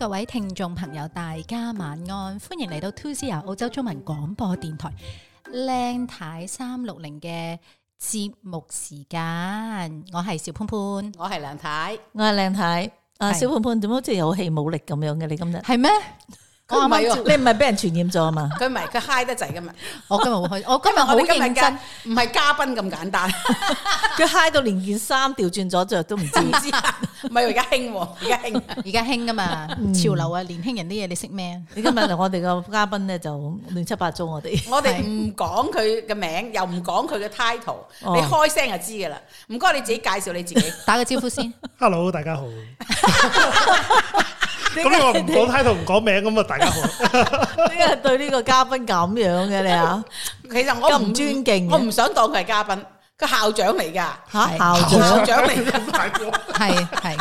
各位聽眾朋友，大家晚安，歡迎嚟到 2ZR 澳洲中文廣播電台靚太三六零嘅節目時間，我係小潘潘，我係梁太，我係靚太，啊，是小潘潘點解好似有氣冇力咁樣嘅？你今日係咩？我唔係喎，你唔係俾人傳染咗啊嘛？佢唔係，佢 high 得滯噶嘛？我今日好開心，我今日好認真，唔係嘉賓咁簡單。佢 high 到連件衫調轉咗着都唔知。唔係而家興，而家興，而家興啊嘛！潮流啊，年輕人啲嘢，你識咩？你今日嚟，我哋個嘉賓咧就亂七八糟，我哋我哋唔講佢嘅名，又唔講佢嘅 title，你開聲就知噶啦。唔該，你自己介紹你自己，打個招呼先。Hello，大家好。咁我唔講 title 唔講名咁啊？大家好，點解對呢個嘉賓咁樣嘅你啊？其實我唔尊敬，我唔想當佢係嘉賓，個校長嚟噶吓，校長嚟嘅大哥，係係，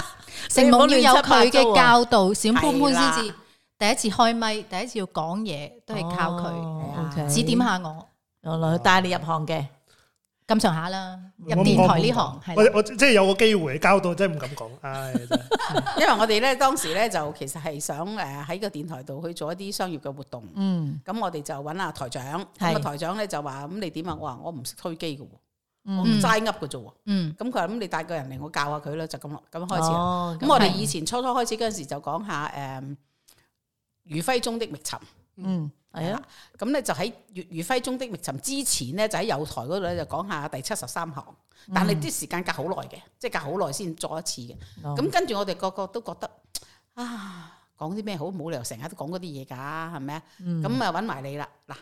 成懵要有佢嘅教導，小潘潘先至第一次開咪，第一次要講嘢都係靠佢指點下我，我來帶你入行嘅。咁上下啦，入電台呢行，我我即係有個機會交到，哎，真係唔敢講，係。 因為我哋咧當時咧就其實係想誒喺個電台度去做一啲商業嘅活動，嗯，咁我哋就揾下台長，咁啊是台長咧就話咁你點啊？嗯。我話我唔識推機㗎，我唔齋噏㗎啫，嗯，咁佢話咁，嗯嗯、你帶個人嚟，我教下佢啦，就咁咯，咁開始。咁，哦、我哋以前初初開始嗰陣時就講下誒，餘暉中的覓尋，嗯。係啊，咁咧、嗯、 就喺《月與輝》中的覓尋之前咧，就喺有台嗰度就講下第七十三行，但係啲時間隔好耐嘅，即、就、係、是、隔好耐先做一次嘅。咁、嗯、跟住我哋個個都覺得啊，講啲咩好，冇理由成日都講嗰啲嘢噶，係咪啊？咁啊、嗯，揾埋你啦。嗱，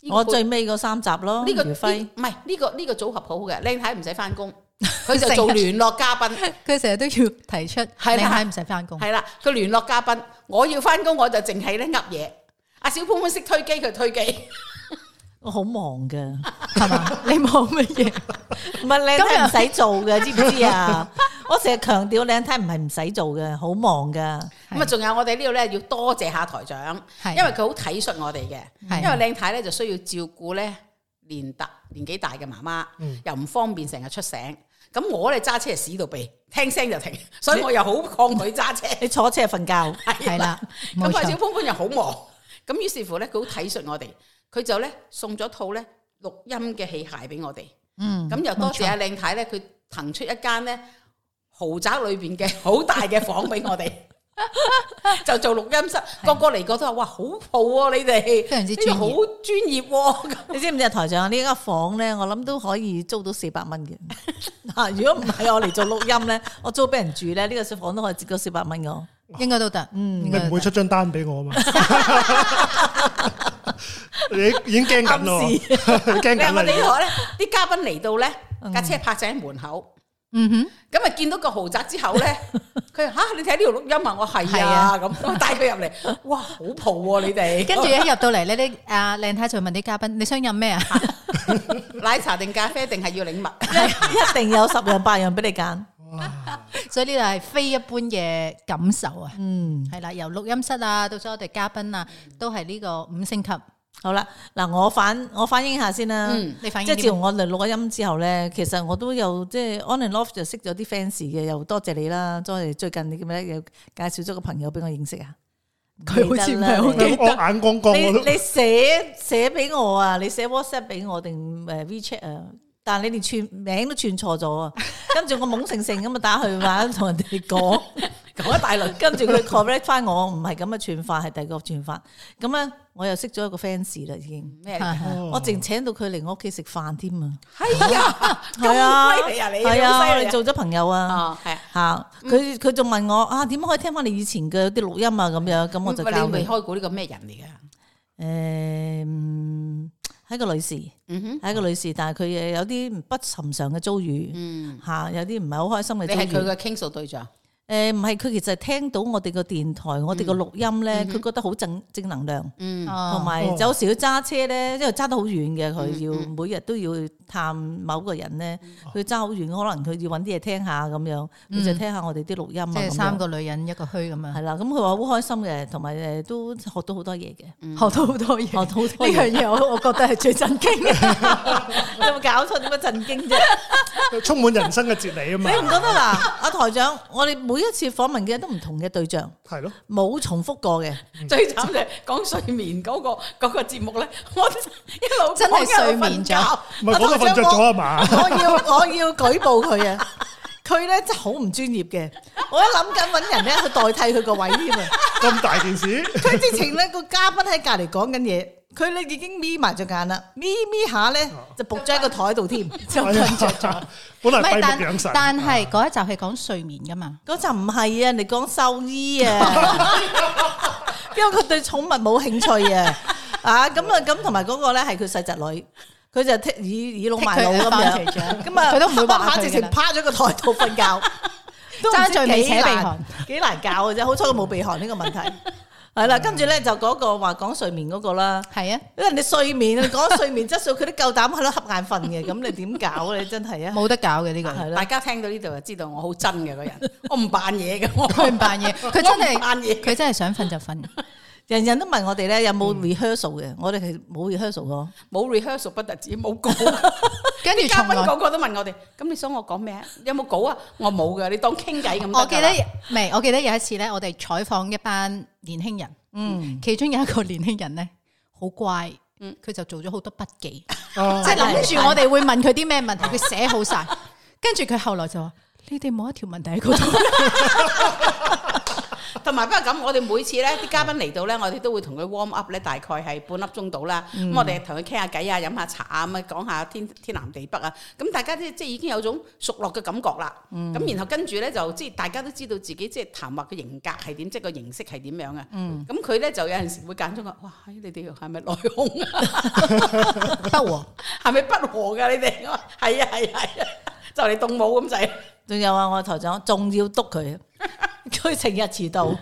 這個、我最尾嗰三集咯，這個《月與輝輝》唔係呢個呢、這個這個組合好好嘅，靚太唔使翻工，佢就做聯絡嘉賓，佢成日都要提出，靚太唔使翻工，係啦，佢聯絡嘉賓，我要翻工我就淨係咧噏嘢。阿小潘潘識推機，佢推機。我好忙噶，係嘛？你忙乜嘢？唔係靚太唔使做嘅，知唔知啊？我成日強調靚太唔係唔使做嘅，好忙噶。咁啊，仲有我哋呢度咧，要多謝下台長，因為佢好體恤我哋嘅。因為靚太咧就需要照顧咧年大年紀大嘅媽媽，又唔方便成日出醒。咁我哋揸車屎度避，聽聲就停，所以我又好抗拒揸車。你坐車瞓覺係啦，咁阿小潘潘又好忙。咁於是乎咧，佢好體恤我哋，佢就咧送咗套咧錄音嘅器械俾我哋。嗯，咁又多謝阿靚太咧，佢騰出一間咧豪宅裏邊嘅好大嘅房俾我哋， 就做錄音室。的個個嚟過都話：哇，好鋪啊！你哋非常之專業，好專、啊、 你知唔知啊？台長呢、這個、間房咧，我諗都可以租到四百蚊嘅。嗱， 如果唔係我嚟做錄音咧， 我租俾人住咧，呢、這個小房都可以接夠四百蚊嘅。應該都得，嗯。咪唔會出張單俾我啊嘛？你已經驚緊咯，驚緊啦！啲嘉賓嚟到咧，架車泊住喺門口，嗯哼。咁咪見到個豪宅之後咧，佢吓你睇呢條錄音，話我係啊咁，我帶佢入嚟。哇，好蒲你哋！跟住一入到嚟呢啲阿靚太就問啲嘉賓，你想飲咩啊？奶茶定咖啡定係要檸蜜？一定有十樣八樣俾你揀。 所以呢度係非一般嘅感受啊！嗯，係啦，由錄音室啊，到咗我哋嘉賓啊，都係呢個五星級。好啦，嗱，我反我反映下先啦。嗯，你反映即係自從我哋錄咗音之後咧，其實我都有即係 online love 就識咗啲 fans 嘅，又多謝你啦。咁我最近你點咧，有介紹咗個朋友俾我認識啊？佢好似唔係好記得，眼光光。你你寫寫俾我啊！你寫 WhatsApp 俾我定誒 WeChat 啊？但係你連串名都串錯咗啊！跟住我懵盛盛咁，啊打佢嘛，同人哋講講一大輪，跟住佢 correct 翻我，唔係咁嘅串法，係第二個串法。咁咧我又識咗一個 fans 啦，已經咩？我淨請到佢嚟我屋企食飯添啊！係啊，咁犀利啊！你，係啊，做咗朋友啊！係吓佢佢仲問我啊，點樣可以聽翻你以前嘅啲錄音啊？咁樣咁我就教。咁你未開過呢個咩人嚟噶？誒。一個女士，嗯哼，一個女士，但係佢有啲不尋常嘅遭遇，嗯，吓有啲唔係好開心嘅遭遇。你係佢嘅傾訴對象。誒，唔係佢其實聽到我哋個電台，我哋個錄音咧，佢覺得好正正能量，同埋有時要揸車咧，因為揸得好遠嘅佢，要每日都要探某個人咧，佢揸好遠，可能佢要搵啲嘢聽下咁樣，佢就聽下我哋啲錄音啊，三個女人一個墟咁樣，係啦，咁佢話好開心嘅，同埋誒都學到好多嘢嘅，學到好多嘢，學到呢樣嘢，我我覺得係最震驚嘅，有冇搞錯點解震驚啫？充滿人生嘅哲理啊嘛，你唔覺得嗱，阿台長，我哋每。每一次訪問嘅都唔同嘅對象，係咯，冇重複過嘅。最慘就係講睡眠嗰個嗰個節目咧，我一路講緊睡眠，就唔係我都瞓著咗啊嘛！我要我要舉報佢啊！佢咧真係好唔專業嘅。我一諗緊搵人咧去代替佢個位添啊！咁大件事，佢之前咧個嘉賓喺隔籬講緊嘢。佢咧已經眯埋咗眼啦，眯眯下咧就撲咗喺個枱度添，就瞓着咗。本嚟閉目養神。但但係嗰一集係講睡眠噶嘛？嗰集唔係啊，你講獸醫啊，因為佢對寵物冇興趣啊。啊咁啊咁，同埋嗰個咧係佢細侄女，佢就聽以以老埋老咁嘛。咁啊，佢都唔得下，直情趴咗個枱度瞓覺，都爭在未扯鼻鼾，幾難搞嘅啫。好彩佢冇鼻鼾呢個問題。係啦，跟住咧就嗰個話講睡眠嗰個啦，係啊的，因為你睡眠，你講睡眠質素，佢 都夠膽喺度瞌眼瞓嘅，咁你點搞？你真係啊，冇得搞嘅呢個，的大家聽到呢度就知道我好真嘅嗰人，我唔扮嘢嘅，我唔扮嘢，佢真係扮嘢，佢 真係想瞓就瞓。 人人都問我哋咧有冇 rehearsal 嘅，嗯、我哋係冇 rehearsal 咯，冇 rehearsal 不得止冇稿， 跟住嘉賓個個都問我哋，咁 你想我講咩？有冇稿啊？ 我冇噶，你當傾偈咁得啦。我記得未，我記得有一次咧，我哋採訪一班年輕人，嗯，其中有一個年輕人咧好乖，佢就做咗好多筆記，嗯嗯、即係諗住我哋會問佢啲咩問題，佢寫好晒， 跟住佢後來就話：你哋冇一條問題喺嗰度。 同埋不過咁，我哋每次咧啲嘉賓嚟到咧，我哋都會同佢 warm up 咧，大概係半粒鐘到啦。咁我哋同佢傾下偈啊，飲下茶啊，咁啊講下天天南地北啊。咁大家即即已經有種熟絡嘅感覺啦。咁然後跟住咧就即大家都知道自己即談話嘅型格係點，即個形式係點樣啊。咁佢咧就有陣時會揀中個哇，你哋係咪內訌啊？不和」，係咪不和㗎你哋？係啊係啊，就嚟動武咁滯。仲有啊，我台長仲要督佢。佢成日遲到，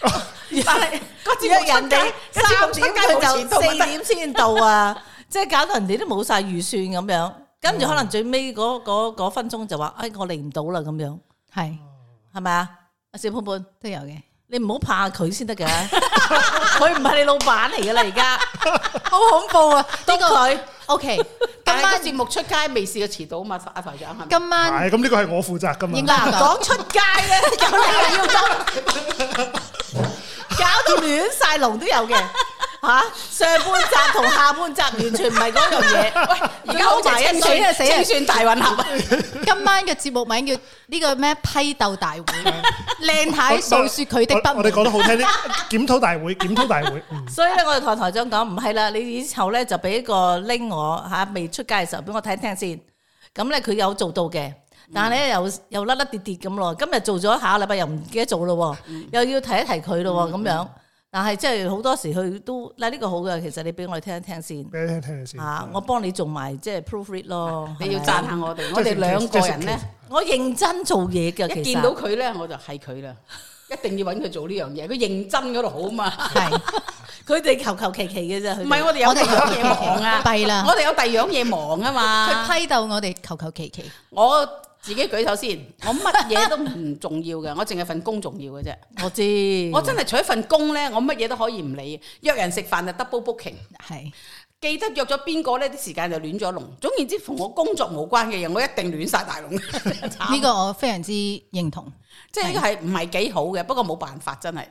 但係有人哋三點佢就四點先到啊！即係搞到人哋都冇晒預算咁樣，跟住可能最尾嗰嗰嗰分鐘就話：哎，我嚟唔到啦咁樣，係係咪啊？阿小潘潘都有嘅，你唔好怕佢先得噶，佢唔係你老闆嚟噶啦，而家好恐怖啊！呢個女，OK。今晚節目出街未試過遲到啊嘛，阿、啊、台長嚇。今晚，係咁呢個係我負責噶嘛。應該，講出街咧，咁你話要搞搞到亂晒龍都有嘅。吓，上半集同下半集完全唔係嗰樣嘢，而家好埋一串啊，死算完全大混合。今晚嘅節目名叫呢個咩批鬥大會，靚太訴說佢的不。我哋講得好聽啲，檢討大會，檢討大會。所以咧，我哋同台長講唔係啦，你以後咧就俾個拎我吓，未出街嘅時候俾我睇聽先。咁咧，佢有做到嘅，但係咧又又甩甩跌跌咁咯。今日做咗下個禮拜又唔記得做咯，又要提一提佢咯，咁樣。但係即係好多時佢都嗱呢、啊這個好嘅，其實你俾我聽一聽先，俾你聽聽先。啊，嗯、我幫你做埋即係、就是、proofread 咯，你要讚下我哋，是是我哋兩個人咧，我認真做嘢嘅，其實一見到佢咧我就係佢啦， 一定要揾佢做呢樣嘢，佢認真嗰度好嘛。係， 佢哋求求其其嘅咋，唔係是 我哋有第二樣嘢忙啊，弊啦， 我哋有第二樣嘢忙啊嘛。佢批鬥我哋求求其其，我。自己舉手先，我乜嘢都唔重要嘅，我淨係份工重要嘅啫。我知，我真係除咗份工呢，我乜嘢都可以唔理。約人食飯就 double booking，係記得約咗邊個呢啲時間就亂咗龍。總言之，同我工作冇關嘅人，我一定亂曬大龍。呢 個我非常之認同，即係係唔係幾好嘅？是不過冇辦法，真係。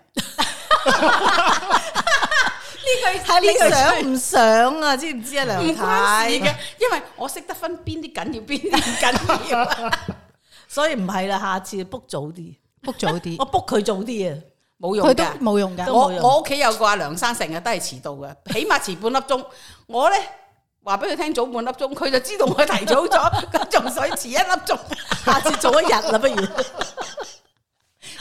呢句喺你個相唔、這個、想啊？知唔知啊，梁太？唔關事嘅， 因為我識得分邊啲緊要邊啲唔緊要，要 所以唔係啦。下次 book 早啲，book 早啲。我 book 佢早啲啊，冇用噶，冇用噶。我我屋企有個阿梁生，成日都係遲到嘅，起碼遲半粒鐘。我咧話俾佢聽早半粒鐘，佢就知道我提早咗，咁仲使遲一粒鐘？下次早一日啦，不如。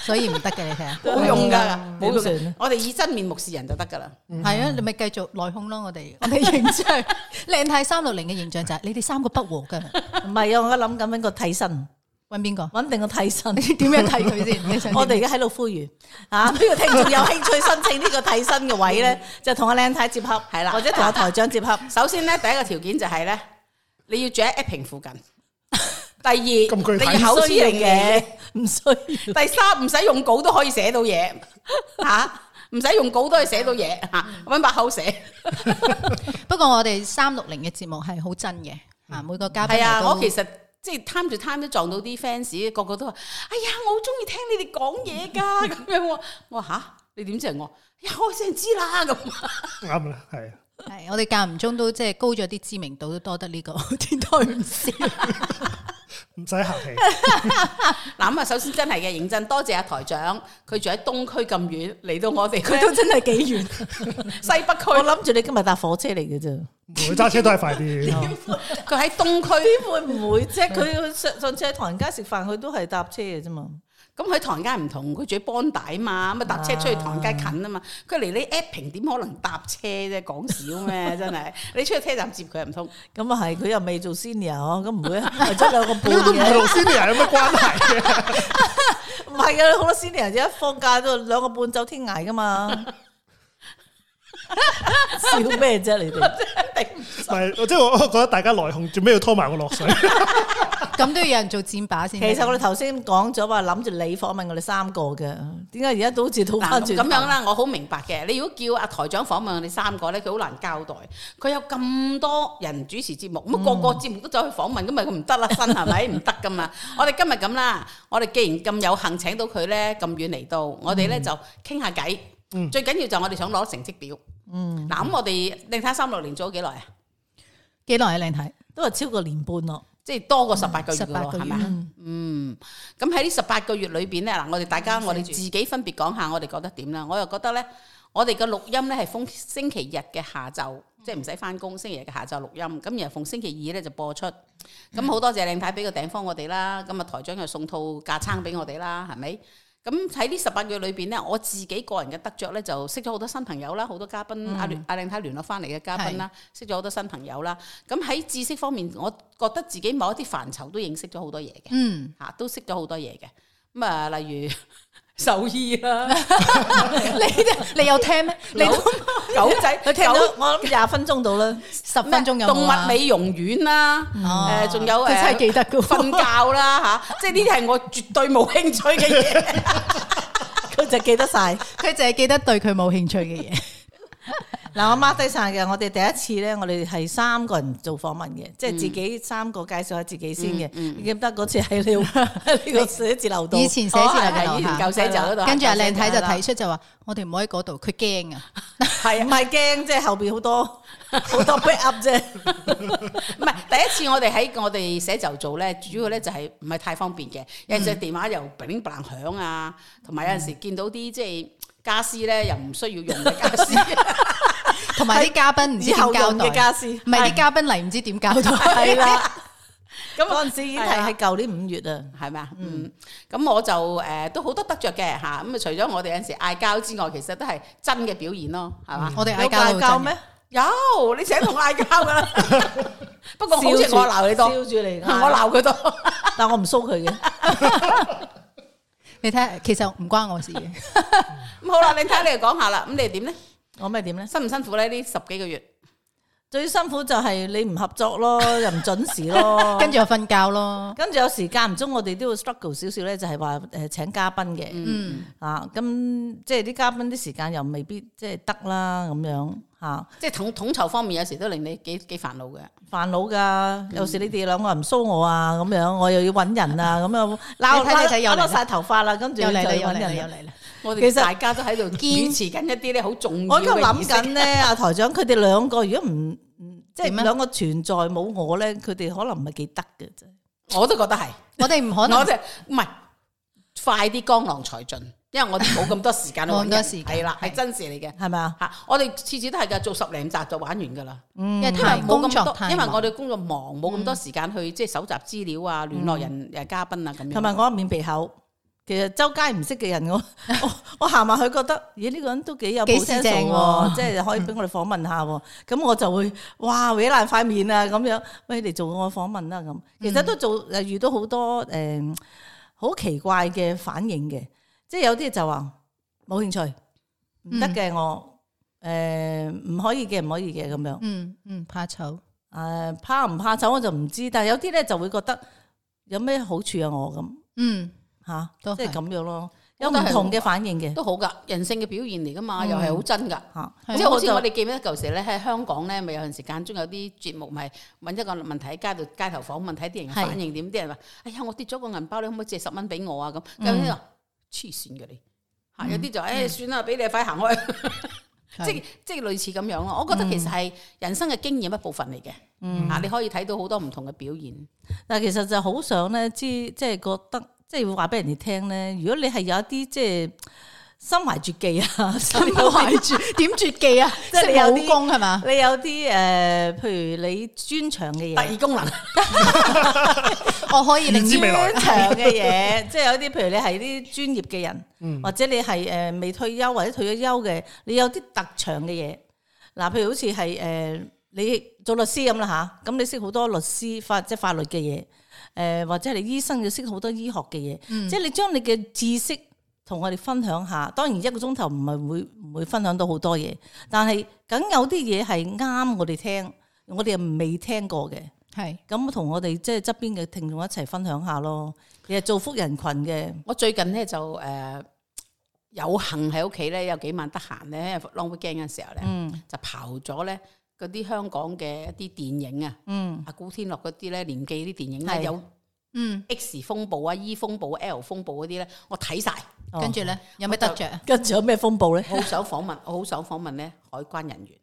所以唔得嘅，你睇下，冇用噶，冇用。我哋以真面目示人就得噶啦。係啊，你咪繼續內訌咯。我哋，我哋形象靚太三六零嘅形象就係你哋三個不和嘅。唔係啊，我諗緊揾個替身，揾邊個？揾定個替身，點樣替佢先？我哋而家喺度呼籲啊！邊個聽眾有興趣申請呢個替身嘅位咧？就同阿靚太接合，係啦，或者同阿台長接合。首先咧，第一個條件就係咧，你要住喺 A 平附近。第二，第二口齒嚟嘅，唔需，第三，唔使用稿都可以寫到嘢、 啊，吓，唔使用稿都可以寫到嘢，啊，搵把口寫。寫 不過我哋三六零嘅節目係好真嘅，啊，吓每個嘉賓係，嗯、啊，我其實即係貪住貪都撞到啲 fans，個個都話，哎呀，我好中意聽你哋講嘢噶，咁樣。我話吓，啊，你點知係我？成，啊、聲知啦，咁啱啦，係、 嗯。係 我哋間唔中都即係高咗啲知名度，都多得呢個天台唔知。唔使客氣。嗱咁啊，首先真係嘅認真，多謝阿台長，佢住喺東區咁遠，嚟到我哋，佢都真係幾遠。 西北區，我諗住你今日搭火車嚟嘅啫。唔會揸車都係快啲。佢喺 東區 會唔會啫？佢上上次喺唐人街食飯，佢都係搭車嘅啫嘛。咁喺唐街唔同，佢住喺幫帶嘛，咁啊搭車出去唐街近啊嘛，佢離你 app 亭點可能搭車啫，講笑咩真係，你出去車站接佢唔通？咁啊係，佢 又未做 senior 咁唔會啊，做兩 個半嘢都唔係老 senior，有乜關係？唔係啊，好多 senior 一放假都兩個半走天涯噶嘛。笑咩啫？你哋唔係，即係我覺得大家內訌，做咩要拖埋我落水？咁都要有人做箭靶先。其實我哋頭先講咗話，諗住你訪問我哋三個嘅，點解而家都好似倒翻轉頭咁樣啦？我好明白嘅。你如果叫阿台長訪問我哋三個咧，佢好難交代。佢有咁多人主持節目，咁個個節目都走去訪問，咁咪佢唔得啦，身係咪唔得噶嘛？我哋今日咁啦，我哋既然咁有幸請到佢咧，咁遠嚟到，我哋咧就傾下偈。最緊要就我哋想攞成績表。嗯，嗱，咁我哋，你睇三六零做咗幾耐啊？幾耐啊？靚太，都係超過年半咯，即係多過十八個月，係咪？嗯，咁喺呢十八個月裏邊咧，嗱，我哋大家、嗯、我哋自己分別講下，我哋覺得點啦？我又覺得咧，我哋嘅錄音咧係逢星期日嘅下晝，即係唔使翻工，星期日嘅下晝錄音，咁然後逢星期二咧就播出。咁好多謝靚太俾個頂方我哋啦，咁啊台長又送套架撐俾我哋啦，係咪、嗯？是咁喺呢十八月裏邊咧，我自己個人嘅得着咧，就識咗好多新朋友啦，好多嘉賓、嗯、阿聯阿靚太聯絡翻嚟嘅嘉賓啦，是識咗好多新朋友啦。咁喺知識方面，我覺得自己某一啲範疇都認識咗好多嘢嘅，吓都識咗好多嘢嘅。咁啊，例如，嗯 獸醫啊， 你你有聽咩？狗狗仔佢聽到九我諗廿分鐘到啦，麼十分鐘又動物美容院啦，誒仲有誒，真係記得嘅，瞓覺啦吓，即係呢啲係我絕對冇興趣嘅嘢。佢 就記得晒，佢淨係記得對佢冇興趣嘅嘢。嗱，我 mark 低晒嘅。我哋第一次咧，我哋係三個人做訪問嘅，即係自己三個介紹下自己先嘅。記得嗰次喺呢個寫字樓度，以前寫字樓，以前舊寫字樓度。跟住阿靚太就提出就話：我哋唔好喺嗰度，佢驚啊！係唔係驚？即係後邊好多好多 backup 啫。唔係第一次，我哋喺我哋寫就做咧，主要咧就係唔係太方便嘅。因隻電話又乒乒乓響啊，同埋有陣時見到啲即係家私咧，又唔需要用嘅家私。同埋啲嘉賓唔知點交代，唔係啲嘉賓嚟唔知點交代。係啦，咁嗰陣時已經係舊年五月啊，係咪啊？嗯，咁我就誒都好多得着嘅吓，咁啊除咗我哋有陣時嗌交之外，其實都係真嘅表演咯，係嘛？我哋嗌交咩？有你成日同嗌交噶啦，不過好似我鬧你多，笑住嚟，我鬧佢多，但我唔蘇佢嘅。你睇下，其實唔關我事嘅。咁好啦，你睇你講下啦，咁你點咧？我咩點咧？辛唔辛苦咧？呢十幾個月最辛苦就係你唔合作咯，又唔 propri 準時咯，跟住又瞓覺咯。跟住有時間唔中，我哋都要 struggle 少少咧，呃嗯、就係話誒請嘉賓嘅。嗯啊，咁即係啲嘉賓啲時間又未必即係得啦咁樣吓。即係統統籌方面，有時都令你幾幾煩惱嘅。煩惱噶，有時你哋兩個人唔 show 我啊，咁樣我又要搵人啊，咁啊拉拉多晒頭髮啦，跟住又嚟啦，又嚟啦。其實大家都喺度堅持緊一啲咧，好重要。我而家諗緊咧，阿台長佢哋兩個如果唔唔，即係兩個存在冇我咧，佢哋可能唔係幾得嘅啫。我都覺得係。我哋唔可能。我哋唔係快啲江郎才盡，因為我哋冇咁多時間。冇咁多時間係啦，係真事嚟嘅，係咪啊？吓，我哋次次都係噶，做十零集就玩完噶啦。因為冇咁多，因為我哋工作忙，冇咁多時間去即係搜集資料啊、聯絡人誒、嘉賓啊咁樣。同埋我面皮厚。其實周街唔識嘅人我我行埋去覺得，咦、哎、呢、這個人都幾有聲數，啊、即係可以俾我哋訪問下。咁、嗯、我就會，哇毀爛塊面啊咁樣，喂你哋做我訪問啦咁。其實都做誒，遇到好多誒好、呃、奇怪嘅反應嘅，即係有啲就話冇興趣，唔得嘅我誒唔、呃、可以嘅唔可以嘅咁樣。嗯嗯，怕醜誒、啊、怕唔怕醜我就唔知，但係有啲咧就會覺得有咩好處啊我咁。嗯。吓，即係咁樣咯，有唔同嘅反應嘅，都好噶，人性嘅表現嚟噶嘛，又係好真噶吓。即係好似我哋記得舊時咧喺香港咧，咪有陣時間，中有啲節目咪搵一個問題喺街度街頭訪問，睇啲人反應點，啲人話：哎呀，我跌咗個銀包，你可唔可以借十蚊俾我啊？咁咁呢？黐線嘅你，吓有啲就誒，算啦，俾你快行開，即即係類似咁樣咯。我覺得其實係人生嘅經驗一部分嚟嘅，吓你可以睇到好多唔同嘅表現。但其實就好想咧，知即係覺得。即係會話俾人哋聽咧，如果你係有一啲即係心懷絕，絕， 絕，絕技啊，心懷住點絕技啊？即係你有啲武功係嘛？你有啲誒、呃，譬如你專長嘅嘢，特異功能， 我可以令專長嘅嘢，即係有一啲，譬如你係啲專業嘅人、嗯或，或者你係誒未退休或者退咗休嘅，你有啲特長嘅嘢。嗱、呃，譬如好似係誒，你做律師咁啦吓，咁你識好多律師法即係法律嘅嘢。誒、呃、或者係你醫生要識好多醫學嘅嘢，嗯、即係你將你嘅知識同我哋分享下。當然一個鐘頭唔係會唔會分享到好多嘢，但係梗有啲嘢係啱我哋聽，我哋又未聽過嘅。係咁同我哋即係側邊嘅聽眾一齊分享下咯。其實造福人群嘅，我最近咧就誒、呃、有幸喺屋企咧有幾晚得閒咧，long weekend 嘅時候咧、嗯、就刨咗咧。嗰啲香港嘅一啲電影啊，嗯，阿古天樂嗰啲咧，年紀啲電影咧是有，嗯，X 風暴啊、嗯、，E 風暴、L 風暴嗰啲咧，我睇晒，跟住咧、嗯、有咩得就着？跟住有咩風暴咧？好想訪問，我好想訪問咧海關人員。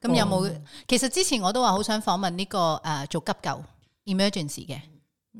咁有冇？嗯、其實之前我都話好想訪問呢、這個誒、呃、做急救 emergency 嘅，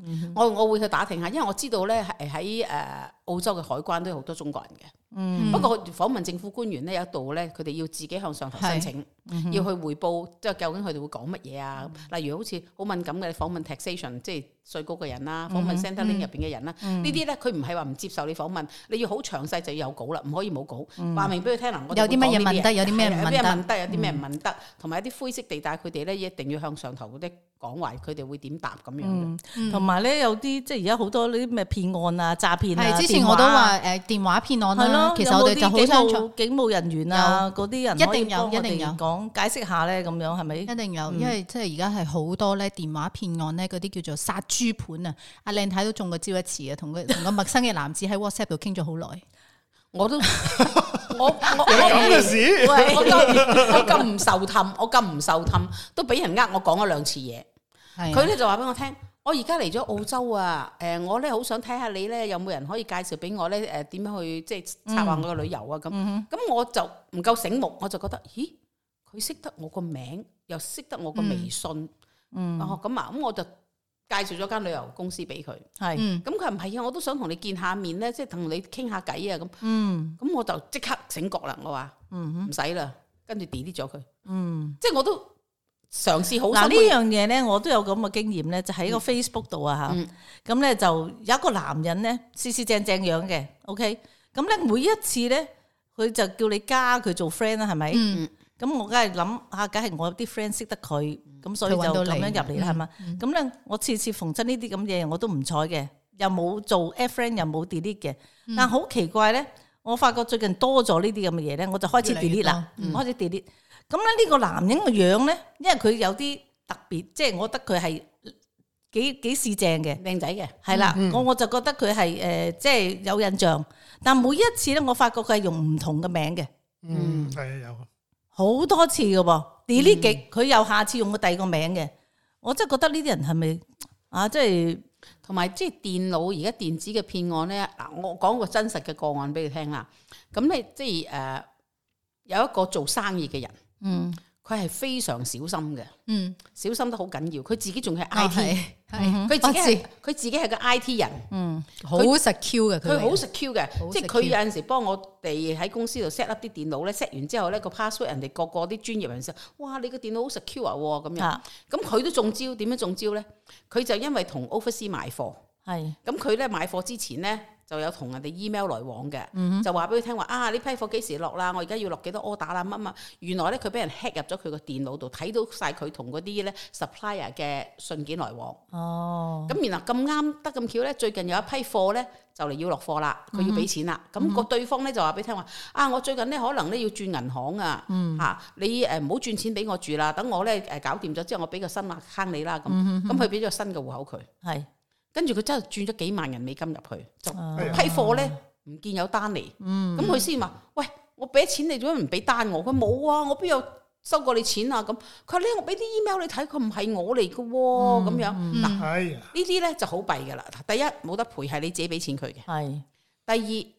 嗯、哼我我會去打聽下，因為我知道咧喺誒。澳洲嘅海關都有好多中國人嘅，不過訪問政府官員咧有一度咧，佢哋要自己向上頭申請，要去回報，即係究竟佢哋會講乜嘢啊？例如好似好敏感嘅訪問 taxation，即係稅局嘅人啦，訪問 Centrelink 入邊嘅人啦，呢啲咧佢唔係話唔接受你訪問，你要好詳細就要有稿啦，唔可以冇稿，話明俾佢聽有啲乜嘢問得，有啲咩問得，有啲咩問得，同埋一啲灰色地帶，佢哋咧一定要向上頭啲講話，佢哋會點答咁樣。嗯，同埋咧有啲即係而家好多呢啲咩騙案啊、詐騙啊。我都話誒電話騙案啦、啊，的其實我哋就好想請警務人員啊，嗰啲有人一定有，一定有講解釋下咧，咁樣係咪？一定有，嗯、因為即係而家係好多咧電話騙案咧，嗰啲叫做殺豬盤啊！阿靚太都中過招一次啊，同個同個陌生嘅男子喺 WhatsApp 度傾咗好耐， 我都我我我我咁唔受氹，我咁唔受氹，都俾人呃我講咗兩次嘢，佢咧的就話俾我聽。我而家嚟咗澳洲啊！誒、呃，我咧好想睇下你咧有冇人可以介紹俾我咧誒點樣去即係策劃我嘅旅遊啊！咁咁我就唔夠醒目，我就覺得咦佢識得我個名，又識得我個微信，咁啊咁我就介紹咗間旅遊公司俾佢，係咁佢唔係啊！我都想同你見下面咧，即係同你傾下偈啊！咁、嗯、咁、嗯、我就即刻醒覺啦！我話唔使啦，跟住 delete 咗佢，嗯，即係我都。嘗試好嗱呢樣嘢咧，我都有咁嘅經驗咧，就喺個 Facebook 度、嗯、啊吓，咁咧就有一個男人咧，斯斯正正樣嘅，OK，咁咧每一次咧，佢就叫你加佢做 friend 啦，係咪、嗯？咁我梗係諗，吓、啊，梗係我啲 friend 識得佢，咁所以就咁樣入嚟啦，係嘛？咁咧、嗯嗯，我次次逢親呢啲咁嘢，我都唔睬嘅，又冇做 add friend，又冇 delete 嘅，嗯、但好奇怪咧，我發覺最近多咗呢啲咁嘅嘢咧，我就開始 delete 啦，嗯嗯、開始 delete。咁咧呢個男人嘅樣咧，因為佢有啲特別，即、就、係、是、我覺得佢係幾幾市正嘅，靚仔嘅係啦。我我、嗯嗯、我就覺得佢係誒、即、呃、係、就是、有印象。但每一次咧，我發覺佢係用唔同嘅名嘅。嗯，係啊、嗯，有好多次嘅噃。你呢幾佢又下次用個第二個名嘅，我真係覺得呢啲人係咪啊？即係同埋即係電腦而家電子嘅騙案咧。嗱，我講個真實嘅個案俾你聽啦。咁你即係誒，有一個做生意嘅人。嗯，佢係非常小心嘅，嗯，小心得好緊要。佢自己仲係 I T，佢自己係佢自己係個 I T 人，嗯，好 secure 嘅，佢好 secure 嘅，即係佢有陣時幫我哋喺公司度 set up 啲電腦咧，set 完之後咧個 password 人哋個個啲專業人士，哇，你個電腦好 secure 啊，咁樣，咁佢都中招，點樣中招咧？佢就因為同 o f f i c e 買貨，係，咁佢咧買貨之前咧。就有同人哋 email 來往嘅，嗯、哼就話俾佢聽話啊！呢批貨幾時落啦？我而家要落幾多 order 啦？乜乜？原來咧佢俾人 hack 入咗佢個電腦度，睇到晒佢同嗰啲咧 supplier 嘅信件來往。哦，咁然後咁啱得咁巧咧，最近有一批貨咧就嚟要落貨啦，佢要俾錢啦。咁、嗯、哼個對方咧就話俾聽話啊！我最近咧可能咧要轉銀行啊，嚇、嗯啊、你誒唔好轉錢俾我住啦，等我咧誒搞掂咗之後，我俾個新 a 坑你啦咁。咁佢俾咗新嘅戶口佢，係是。跟住佢真係轉咗幾萬人美金入去，就批貨咧唔見有單嚟，咁佢先話：嗯、喂，我俾錢你，點解唔俾單我？佢冇啊，我邊有收過你錢啊？咁佢話：呢，我俾啲 email 你睇，佢唔係我嚟噶，咁、嗯、樣嗱，係呢啲咧就好弊噶啦。第一冇得賠，係你自己俾錢佢嘅。係、哎、呀第二，即、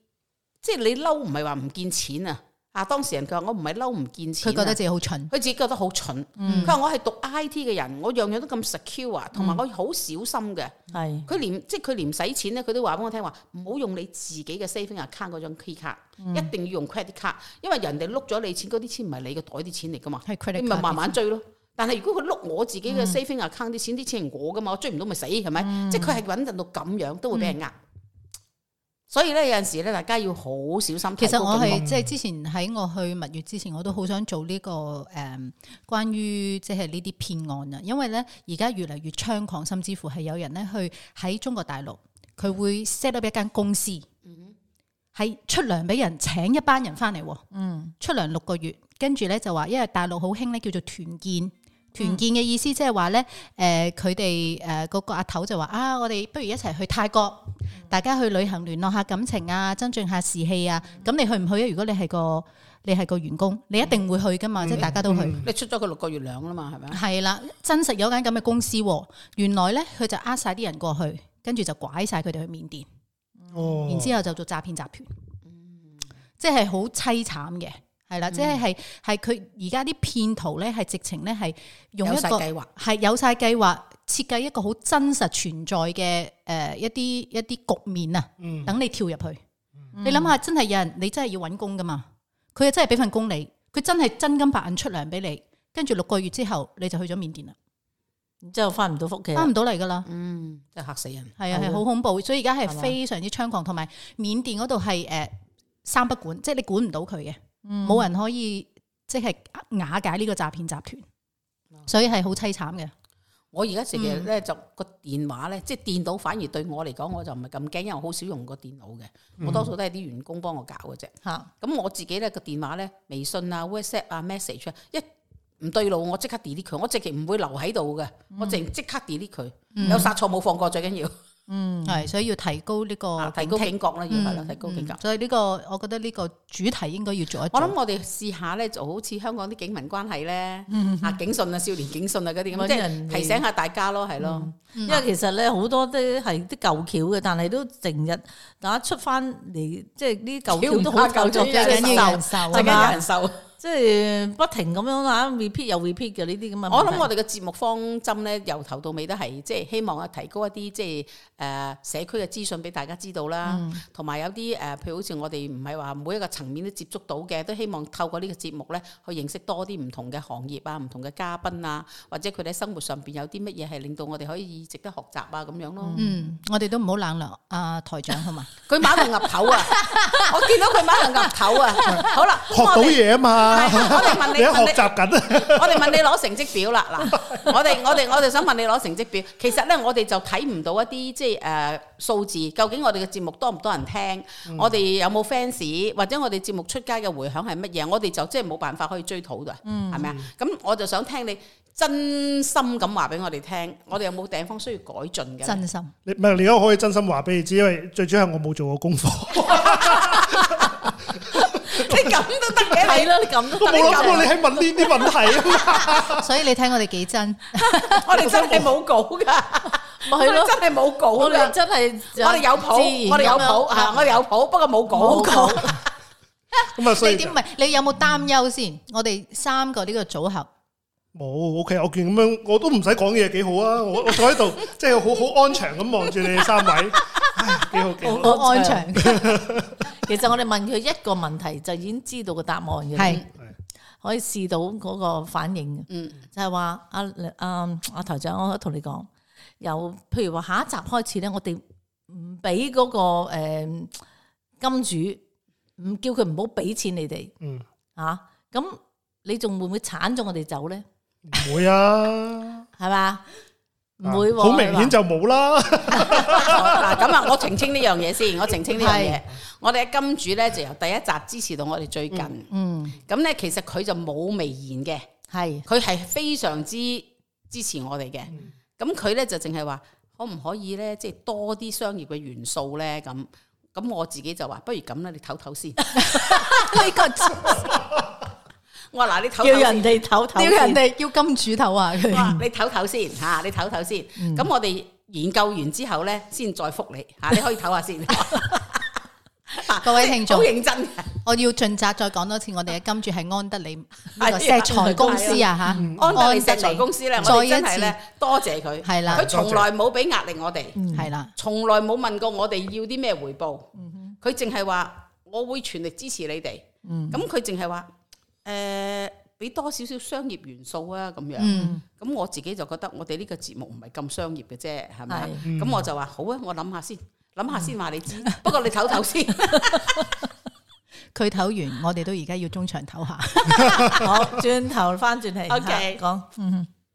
就、係、是、你嬲，唔係話唔見錢啊。啊！當事人佢話：我唔係嬲，唔見錢。佢覺得自己好蠢，佢自己覺得好蠢。佢話、嗯：我係讀 I T 嘅人，我樣樣都咁 secure 啊，同埋、嗯、我好小心嘅。係是。佢連即係佢連使錢咧，佢都話俾我聽話唔好用你自己嘅 saving account 嗰張 card，、嗯、一定要用 credit card，因為人哋碌咗你錢，嗰啲錢唔係你嘅袋啲錢嚟㗎嘛。係 credit。你咪慢慢追咯。嗯、但係如果佢碌我自己嘅 saving account 啲錢，啲錢係我㗎嘛，我追唔到咪死係咪？是是嗯、即係佢係穩陣到咁樣都會俾人呃、嗯。嗯所以咧，有陣時咧，大家要好小心。其實我係即係之前喺我去蜜月之前，我都好想做呢、這個誒、嗯，關於即係呢啲騙案啊。因為咧，而家越嚟越猖狂，甚至乎係有人咧去喺中國大陸，佢會 set up 一間公司，係、嗯、出糧俾人，請一班人翻嚟。嗯，出糧六個月，跟住咧就話，因為大陸好興咧叫做團建。團建嘅意思即係話咧，誒佢哋誒嗰個阿頭就話啊，我哋不如一齊去泰國，大家去旅行聯絡下感情啊，增進下士氣啊。咁你去唔去啊？如果你係個你係個員工，你一定會去㗎嘛，嗯、即係大家都去。嗯嗯、你出咗個六個月糧㗎嘛，係咪啊？係啦，真實有間咁嘅公司，原來咧佢就呃晒啲人過去，跟住就拐晒佢哋去緬甸，哦、然之後就做詐騙集團，即係好凄慘嘅。係啦，嗯、即係係係佢而家啲騙徒咧，係直情咧係用一個係有晒計，計劃設計一個好真實存在嘅誒、呃、一啲一啲局面啊！等、嗯、你跳入去，嗯、你諗下真係有人，你真係要揾工噶嘛？佢又真係俾份工你，佢真係真金白銀出糧俾你，跟住六個月之後你就去咗緬甸啦，然之後翻唔到福建，翻唔到嚟噶啦，嗯，真係嚇死人，係啊，係好恐怖，所以而家係非常之猖狂，同埋緬甸嗰度係誒三不管，即、就、係、是、你管唔到佢嘅。冇、嗯、人可以即係瓦解呢個詐騙集團，嗯、所以係好淒慘嘅。我而家成日咧就個電話咧，即係電腦反而對我嚟講，我就唔係咁驚，因為我好少用個電腦嘅。嗯、我多數都係啲員工幫我搞嘅啫。咁、嗯、我自己咧個電話咧，微信啊、WhatsApp 啊、message 啊，一唔對路我即刻 delete 佢，我直情唔會留喺度嘅，我直情即刻 delete 佢，有殺錯冇放過，嗯、最緊要。嗯，係，所以要提高呢個警警提高警覺啦，嗯、要提高警覺。嗯、所以呢、這個，我覺得呢個主題應該要做一做。我諗我哋試下咧，就好似香港啲警民關係咧，嗯嗯、啊警訊啊，少年警訊啊，嗰啲咁，嗯、即係提醒下大家咯，係咯。因為其實咧好多都係啲舊橋嘅，但係都成日大家出翻嚟，即係呢舊橋都好舊，咁緊要有人收，緊即係不停咁樣啊，repeat 又 repeat 嘅呢啲咁嘅。我諗我哋嘅節目方針咧，由頭到尾都係即係希望啊，提高一啲即係誒社區嘅資訊俾大家知道啦。同埋有啲誒，譬如好似我哋唔係話每一個層面都接觸到嘅，都希望透過呢個節目咧，去認識多啲唔同嘅行業啊，唔同嘅嘉賓啊，或者佢哋喺生活上邊有啲乜嘢係令到我哋可以值得學習啊，咁樣咯。嗯，我哋都唔好冷落啊、呃、台長好嘛？佢馬上岌頭啊，我見到佢馬上岌頭啊，好啦，學 到嘢啊嘛～ 我哋問你，你學習緊？我哋問你攞成績表啦。嗱，我哋我哋我哋想問你攞成績表。其實咧，我哋就睇唔到一啲即係誒數字，究竟我哋嘅節目多唔多人聽？我哋有冇 fans？或者我哋節目出街嘅回響係乜嘢？我哋就即係冇辦法可以追討噶。嗯，係咪啊？咁我就想聽你真心咁話俾我哋聽。我哋有冇地方需要改進嘅？真心，唔係你而家可以真心話俾你知，因為最主要係我冇做過功課。即係咁都得嘅係咯，咁都冇諗過你喺問呢啲問題啊嘛？所以你睇我哋幾真，我哋真係冇稿噶，咪係咯，真係冇稿。我哋真係，我哋有譜，我哋有譜啊，我哋有譜，不過冇稿。咁啊，所以點唔係？你有冇擔憂先？我哋三個呢個組合冇，OK，我見咁樣，我都唔使講嘢，幾好啊！我我坐喺度，即係好好安詳咁望住你哋三位，幾好幾好，好安詳。其實我哋問佢一個問題，就已經知道個答案嘅，是可以試到嗰個反應嘅。嗯，就係話阿阿阿台長，我同你講，由譬如話下一集開始咧，我哋唔俾嗰個誒、啊、金主，唔叫佢唔好俾錢你哋。嗯，吓咁、啊、你仲會唔會剷咗我哋走咧？唔會啊，係嘛？ 唔會，好明顯就冇啦。嗱，咁啊，說 我澄清呢樣嘢先， 我澄清呢樣嘢。是我哋嘅金主咧，就由第一集支持到我哋最近。嗯，咁、嗯、咧，其實佢就冇微言嘅，係是，佢係非常之支持我哋嘅。咁佢咧就淨係話，可唔可以咧，即係多啲商業嘅元素咧？咁，咁我自己就話，不如咁啦，你唞唞先。你個。我嗱，你唞要人哋唞唞先，要人哋要金主唞啊，你唞唞先吓，你唞唞先。咁我哋研究完之後咧，先再覆你吓。你可以唞下先。各位聽眾，好認真。我要盡責再講多次，我哋嘅金主係安德利石材公司啊吓，安德利石材公司咧，我真係咧多謝佢。係啦，佢從來冇俾壓力我哋，係啦，從來冇問過我哋要啲咩回報。嗯哼，佢淨係話我會全力支持你哋。咁佢淨係話。誒，俾、呃、多少,少少商業元素啊，咁樣。咁、嗯、我自己就覺得我哋呢個節目唔係咁商業嘅啫，係咪？咁、嗯、我就話好啊，我諗下先，諗下先話你知。不過你唞唞先，佢唞完，我哋都而家要中場唞下。好，轉頭翻轉嚟。O K，講。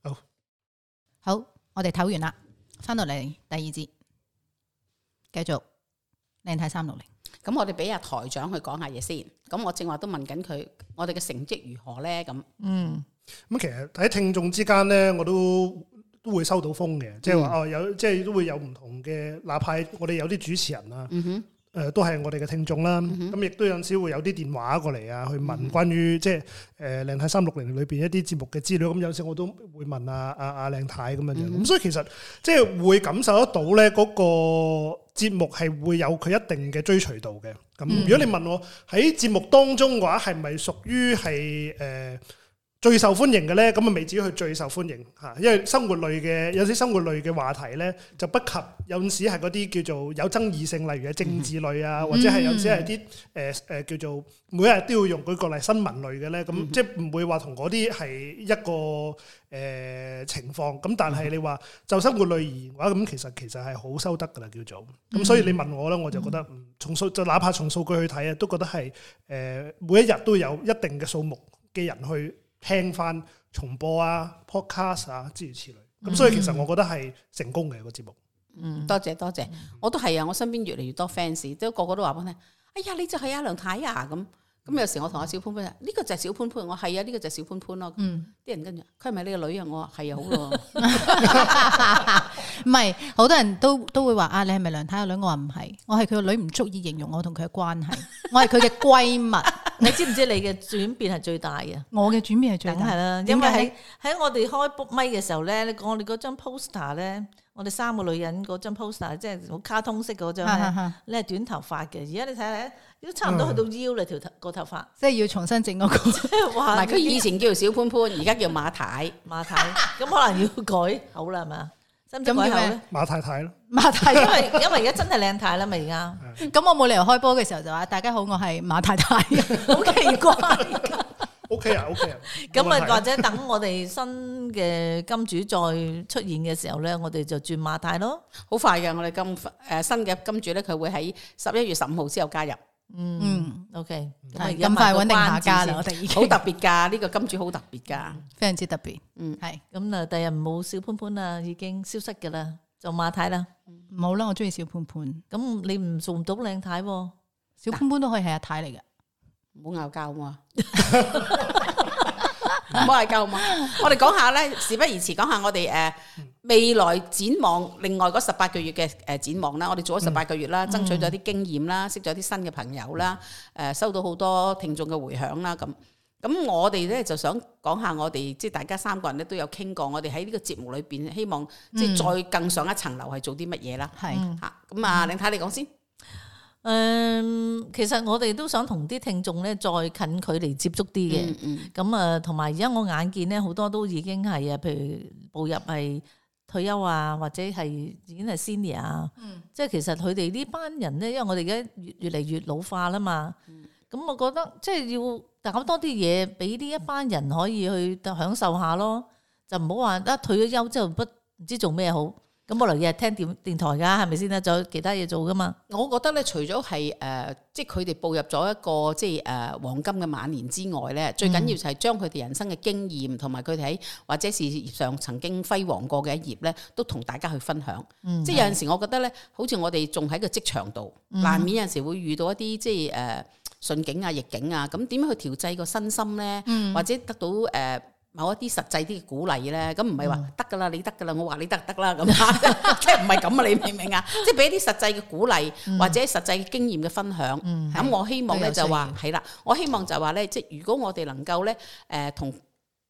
好，好，我哋唞完啦，翻到嚟第二節，繼續靚太三六零。咁我哋俾阿台長去講下嘢先，咁我正話都問緊佢，我哋嘅成績如何咧？咁，嗯，咁、嗯、其實喺聽眾之間咧，我都都會收到風嘅，即係話哦，有即係、就是、都會有唔同嘅，哪怕我哋有啲主持人啦、啊，嗯哼。誒、呃，都係我哋嘅聽眾啦，咁亦都有時會有啲電話過嚟啊，去問關於即係誒，靚太、嗯哼呃、三六零裏邊一啲節目嘅資料，咁有時我都會問阿阿阿靚太咁樣樣，咁、嗯、哼所以其實即係、就是、會感受得到咧，嗰個節目係會有佢一定嘅追隨度嘅。咁如果你問我喺節目當中嘅話，係咪屬於係誒？呃最受歡迎嘅呢，咁啊未至於佢最受歡迎嚇，因為生活類嘅有啲生活類嘅話題呢，就不及有時係嗰啲叫做有爭議性，例如係政治類啊，嗯、或者係有時係啲誒誒叫做每一日都要用舉個例新聞類嘅呢。咁、嗯嗯、即係唔會話同嗰啲係一個誒、呃、情況。咁但係你話就生活類而言話咁，其實其實係好收得噶啦，叫做咁。嗯嗯、所以你問我呢，我就覺得嗯，從數就哪怕從數據去睇啊，都覺得係誒、呃、每一日都有一定嘅數目嘅人去聽翻重播啊，podcast 啊，諸如此類。咁、嗯、所以其實我覺得係成功嘅一、這個節目。嗯多，多謝多謝，我都係啊，我身邊越嚟越多 fans，都個個都話俾我聽。哎呀，你就係阿、啊、梁太啊咁。咁有時我同阿小潘潘，呢、這個就係小潘潘，我係啊，呢、這個就係小潘潘咯。嗯，啲人跟住，佢，係咪你個女啊？我話係啊，好啊。 唔係，好多人都都會話啊，你係咪梁太嘅女？我話唔係，我係佢個女，唔足以形容我同佢嘅關係。我係佢嘅閨蜜。 你知唔知你嘅轉變係最大嘅？我嘅轉變係最大啦。因為喺喺我哋開咪嘅時候咧，我哋嗰張 poster 咧，我哋三個女人嗰張 poster，即係好卡通式嗰張呢， 你係短頭髮嘅。而家你睇下，都差唔多去到腰啦，條頭個頭髮，即係要重新整嗰、嗰個。佢 哇 以前叫小潘潘，而家叫馬太馬太，咁 可能要改好啦，係咪？針針咩？知知馬太太咯，馬太，因為因為而家真係靚太啦嘛，而家咁我冇理由開波嘅時候就話大家好，我係馬太太，好 奇怪，O K 啊，O K 啊，咁啊或者等我哋新嘅金主再出現嘅時候咧，我哋就轉馬太咯，好快嘅，我哋金誒新嘅金主咧，佢會喺十一月十五號之後加入。嗯嗯，OK，咁快穩定下家啦，好特別噶，呢個金主好特別噶，非常之特別。嗯，係，咁啊，第日唔好，小潘潘啦，已經消失噶啦，做馬太啦，唔好啦，我中意小潘潘，咁你唔做唔到靚太喎，小潘潘都可以係阿太嚟嘅，唔好拗交喎。冇係夠嘛？我哋講下咧，事不宜遲，講下我哋誒、呃、未來展望，另外嗰十八個月嘅誒展望啦。我哋做咗十八個月啦，嗯、爭取咗啲經驗啦，嗯、識咗啲新嘅朋友啦，誒、呃，收到好多聽眾嘅回響啦。咁咁我哋咧就想講下我哋，即係大家三個人咧都有傾過，我哋喺呢個節目裏邊，希望即係再更上一層樓，係做啲乜嘢啦？係吓咁啊！梁太，你講先。誒、嗯，其實我哋都想同啲聽眾咧再近距離接觸啲嘅，咁啊、嗯，同埋而家我眼見咧好多都已經係誒，譬如步入係退休啊，或者係已經係 senior 啊，嗯、即係其實佢哋呢班人咧，因為我哋而家越越嚟越老化啦嘛，咁、嗯、我覺得即係要搞多啲嘢俾呢一班人可以去享受下咯，就唔好話一退咗休之後就不唔知做咩好。咁我嚟日聽電電台，噶係咪先得，仲有其他嘢做噶嘛？我覺得咧，除咗係誒，即係佢哋步入咗一個即係誒、呃、黃金嘅晚年之外咧，嗯、最緊要就係將佢哋人生嘅經驗同埋佢哋喺或者事業上曾經輝煌過嘅一頁咧，都同大家去分享。嗯、即係有陣時，我覺得咧，好似我哋仲喺個職場度，嗯、難免有陣時會遇到一啲即係誒順境啊、逆境啊。咁點樣去調劑個身心咧？或者得到誒？呃嗯某一啲實際啲嘅鼓勵咧，咁唔係話得噶啦，嗯、你得噶啦，我話你得得啦，咁即係唔係咁啊？你明唔明啊？ 即係俾啲實際嘅鼓勵，嗯、或者實際經驗嘅分享。咁、嗯、我希望咧、嗯、就話係 啦，我希望就話咧，即係 如果我哋能夠咧，誒、呃、同，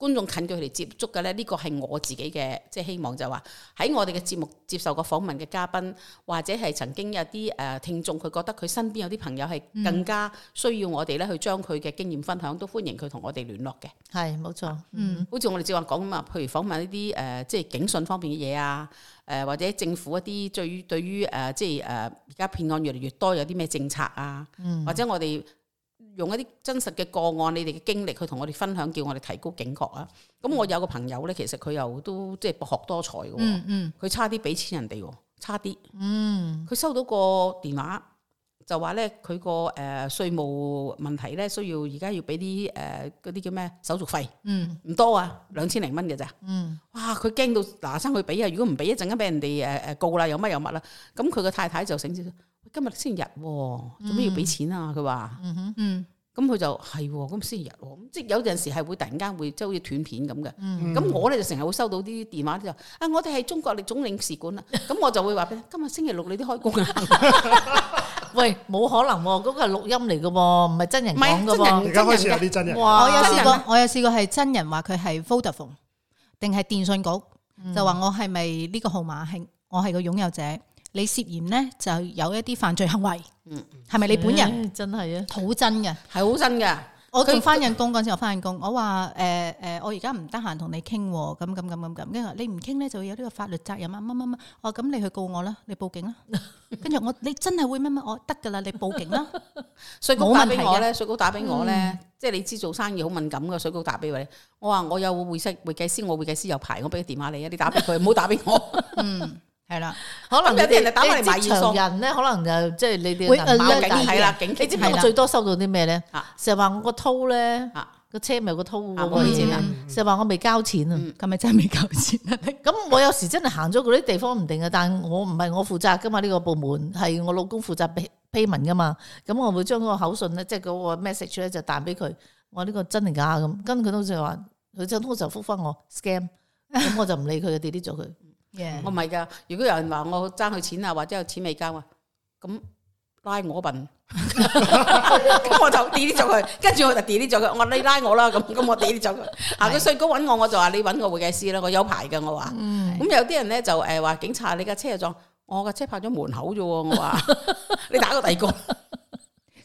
觀眾近距離接觸嘅咧，呢、這個係我自己嘅即係希望就話、是、喺我哋嘅節目接受過訪問嘅嘉賓，或者係曾經有啲誒、呃、聽眾，佢覺得佢身邊有啲朋友係更加需要我哋咧去將佢嘅經驗分享，都歡迎佢同我哋聯絡嘅。係冇錯，錯嗯，好似我哋正話講啊，譬如訪問一啲誒即係警訊方面嘅嘢啊，誒、呃、或者政府一啲最對於誒即係誒而家騙案越嚟越多，有啲咩政策啊，嗯、或者我哋。用一啲真實嘅個案，你哋嘅經歷去同我哋分享，叫我哋提高警覺啊！咁我有個朋友咧，其實佢又都即係博學多才嘅，嗯，佢差啲俾錢人哋，差啲，嗯，佢、嗯、收到個電話就話咧，佢個誒稅務問題咧，需要而家要俾啲誒嗰啲叫咩手續費，嗯，唔多啊，兩千零蚊嘅咋，嗯，哇，佢驚到嗱嗱聲去俾啊！如果唔俾，一陣間俾人哋誒誒告啦，又乜又乜啦，咁佢個太太就醒咗。今日星期日，做咩要俾錢啊？佢話，嗯哼，嗯，咁佢就係，咁星期日、啊，即係有陣時係會突然間會即係好似斷片咁嘅。咁、嗯、我哋就成日會收到啲電話就，啊，我哋係中國力總領事館啦、啊，咁 我就會話俾，今日星期六你都開工啊？ 喂，冇可能、啊，嗰、嗰個係錄音嚟嘅、啊，唔係真人講嘅、啊。而家人開始有啲真人，我有試過，我有試過係真人話佢係 Vodafone，定係電信局，嗯、就話我係咪呢個號碼係我係個擁有者。你涉嫌咧就有一啲犯罪行為，係咪、嗯、你本人？欸、真係啊，好真嘅，係好真嘅。我仲翻緊工嗰陣時，我翻緊工，我話誒誒，我而家唔得閒同你傾，咁咁咁咁咁。跟住你唔傾咧，就會有呢個法律責任啊！乜乜乜，我咁你去告我啦，你報警啦。跟住 我，你真係會乜乜，我得噶啦，你報警啦。所以佢打俾我咧，水果打俾我咧，嗯、即係你知做生意好敏感噶。水果打俾你，我話我有會識會計師，我會計師，師有牌，我俾佢電話你啊，你打俾佢，唔好打俾我。 係啦，可能有啲人就打嚟買長人咧，可能就即係你哋銀包緊嘅。係啦、嗯，你知唔知我最多收到啲咩咧？啊，成日話我個套咧，個車咪有個套嘅嘢啊。成日話我未交錢啊，係咪真係未交錢？咁我有時真係行咗嗰啲地方唔定啊，但係我唔係我負責噶嘛，呢、這個部門係我老公負責 pay 噶嘛。咁我會將嗰個口信咧，即係嗰個 message 咧，就彈俾佢。我呢個真定假咁，跟佢好似話，佢就通常復翻我 scam，咁我就唔理佢，delete 咗佢。 Yeah. 我唔係噶，如果有人話我爭佢錢啊，或者有錢未交啊，咁拉我笨，咁我就 delete 咗佢，跟住我就 delete 咗佢，我你拉我啦，咁咁我 delete 咗佢。行佢稅局搵我，我就話你搵個會計師啦，我有牌噶，我話。咁、嗯嗯、有啲人咧就誒話警察，你架車撞我架車拍咗門口啫，我話你打個第二個。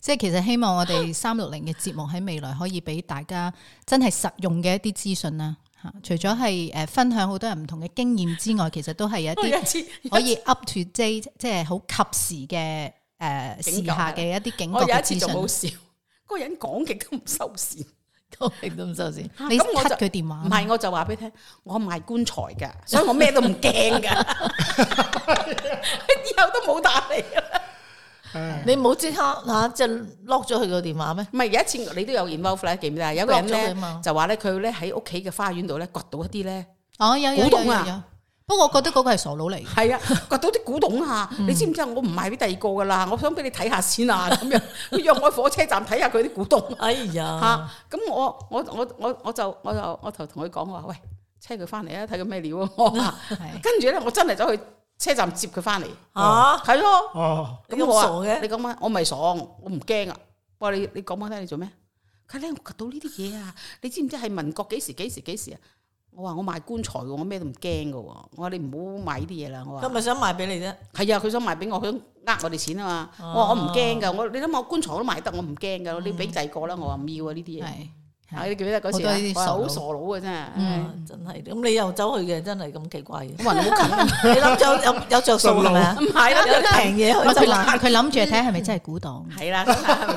即係 其實希望我哋三六零嘅節目喺未來可以俾大家真係實用嘅一啲資訊啦。除咗係誒分享好多人唔同嘅經驗之外，其實都係有一啲可以 up to date 即係好及時嘅誒時下嘅一啲警覺嘅資訊。我有一次就好笑，個人講極都唔收線，講極 都唔收線。我你咁 cut 佢電話，唔係，我就話俾你聽，我唔係棺材噶所以我咩都唔驚噶 以後都冇打你你冇即刻嗱，即係 lock 咗佢個電話咩？唔係，有一次你都有 involve 啦，記唔記得？有一個人咧就話咧，佢咧喺屋企嘅花園度咧掘到一啲咧，哦，有有，有有有，不過我覺得嗰個係傻佬嚟。係啊，掘到啲古董啊！ 你知唔知啊？我唔賣俾第二個噶啦，我想俾你睇下先啊，咁樣，約我去火車站睇下佢啲古董。 哎呀，吓、啊，咁我我我我我就我就我頭同佢講，我話喂，車佢翻嚟啊，睇佢咩料啊？ 跟住咧，我真係走去。車站接佢翻嚟，吓係、啊、咯，咁我啊，你講咩？我唔係傻，我唔驚啊！我話你你講乜聽？你做咩？佢咧我掘到呢啲嘢啊！你知唔知係民國幾時幾時幾時啊？我話我賣棺材，我咩都唔驚噶。我話你唔好買呢啲嘢啦。我話佢咪想賣俾你啫。係啊，佢想賣俾我，佢想呃我哋錢啊嘛。我我唔驚噶，我你諗下我棺材我都賣得，我唔驚噶。嗯、你俾第二個啦，我話唔要啊呢啲嘢。係你記得嗰次，哇，好傻佬嘅，真係，真係咁你又走去嘅，真係咁奇怪嘅。你諗住有有着數咩？唔係啦，平嘢去就難。佢諗住睇係咪真係古董？係啦，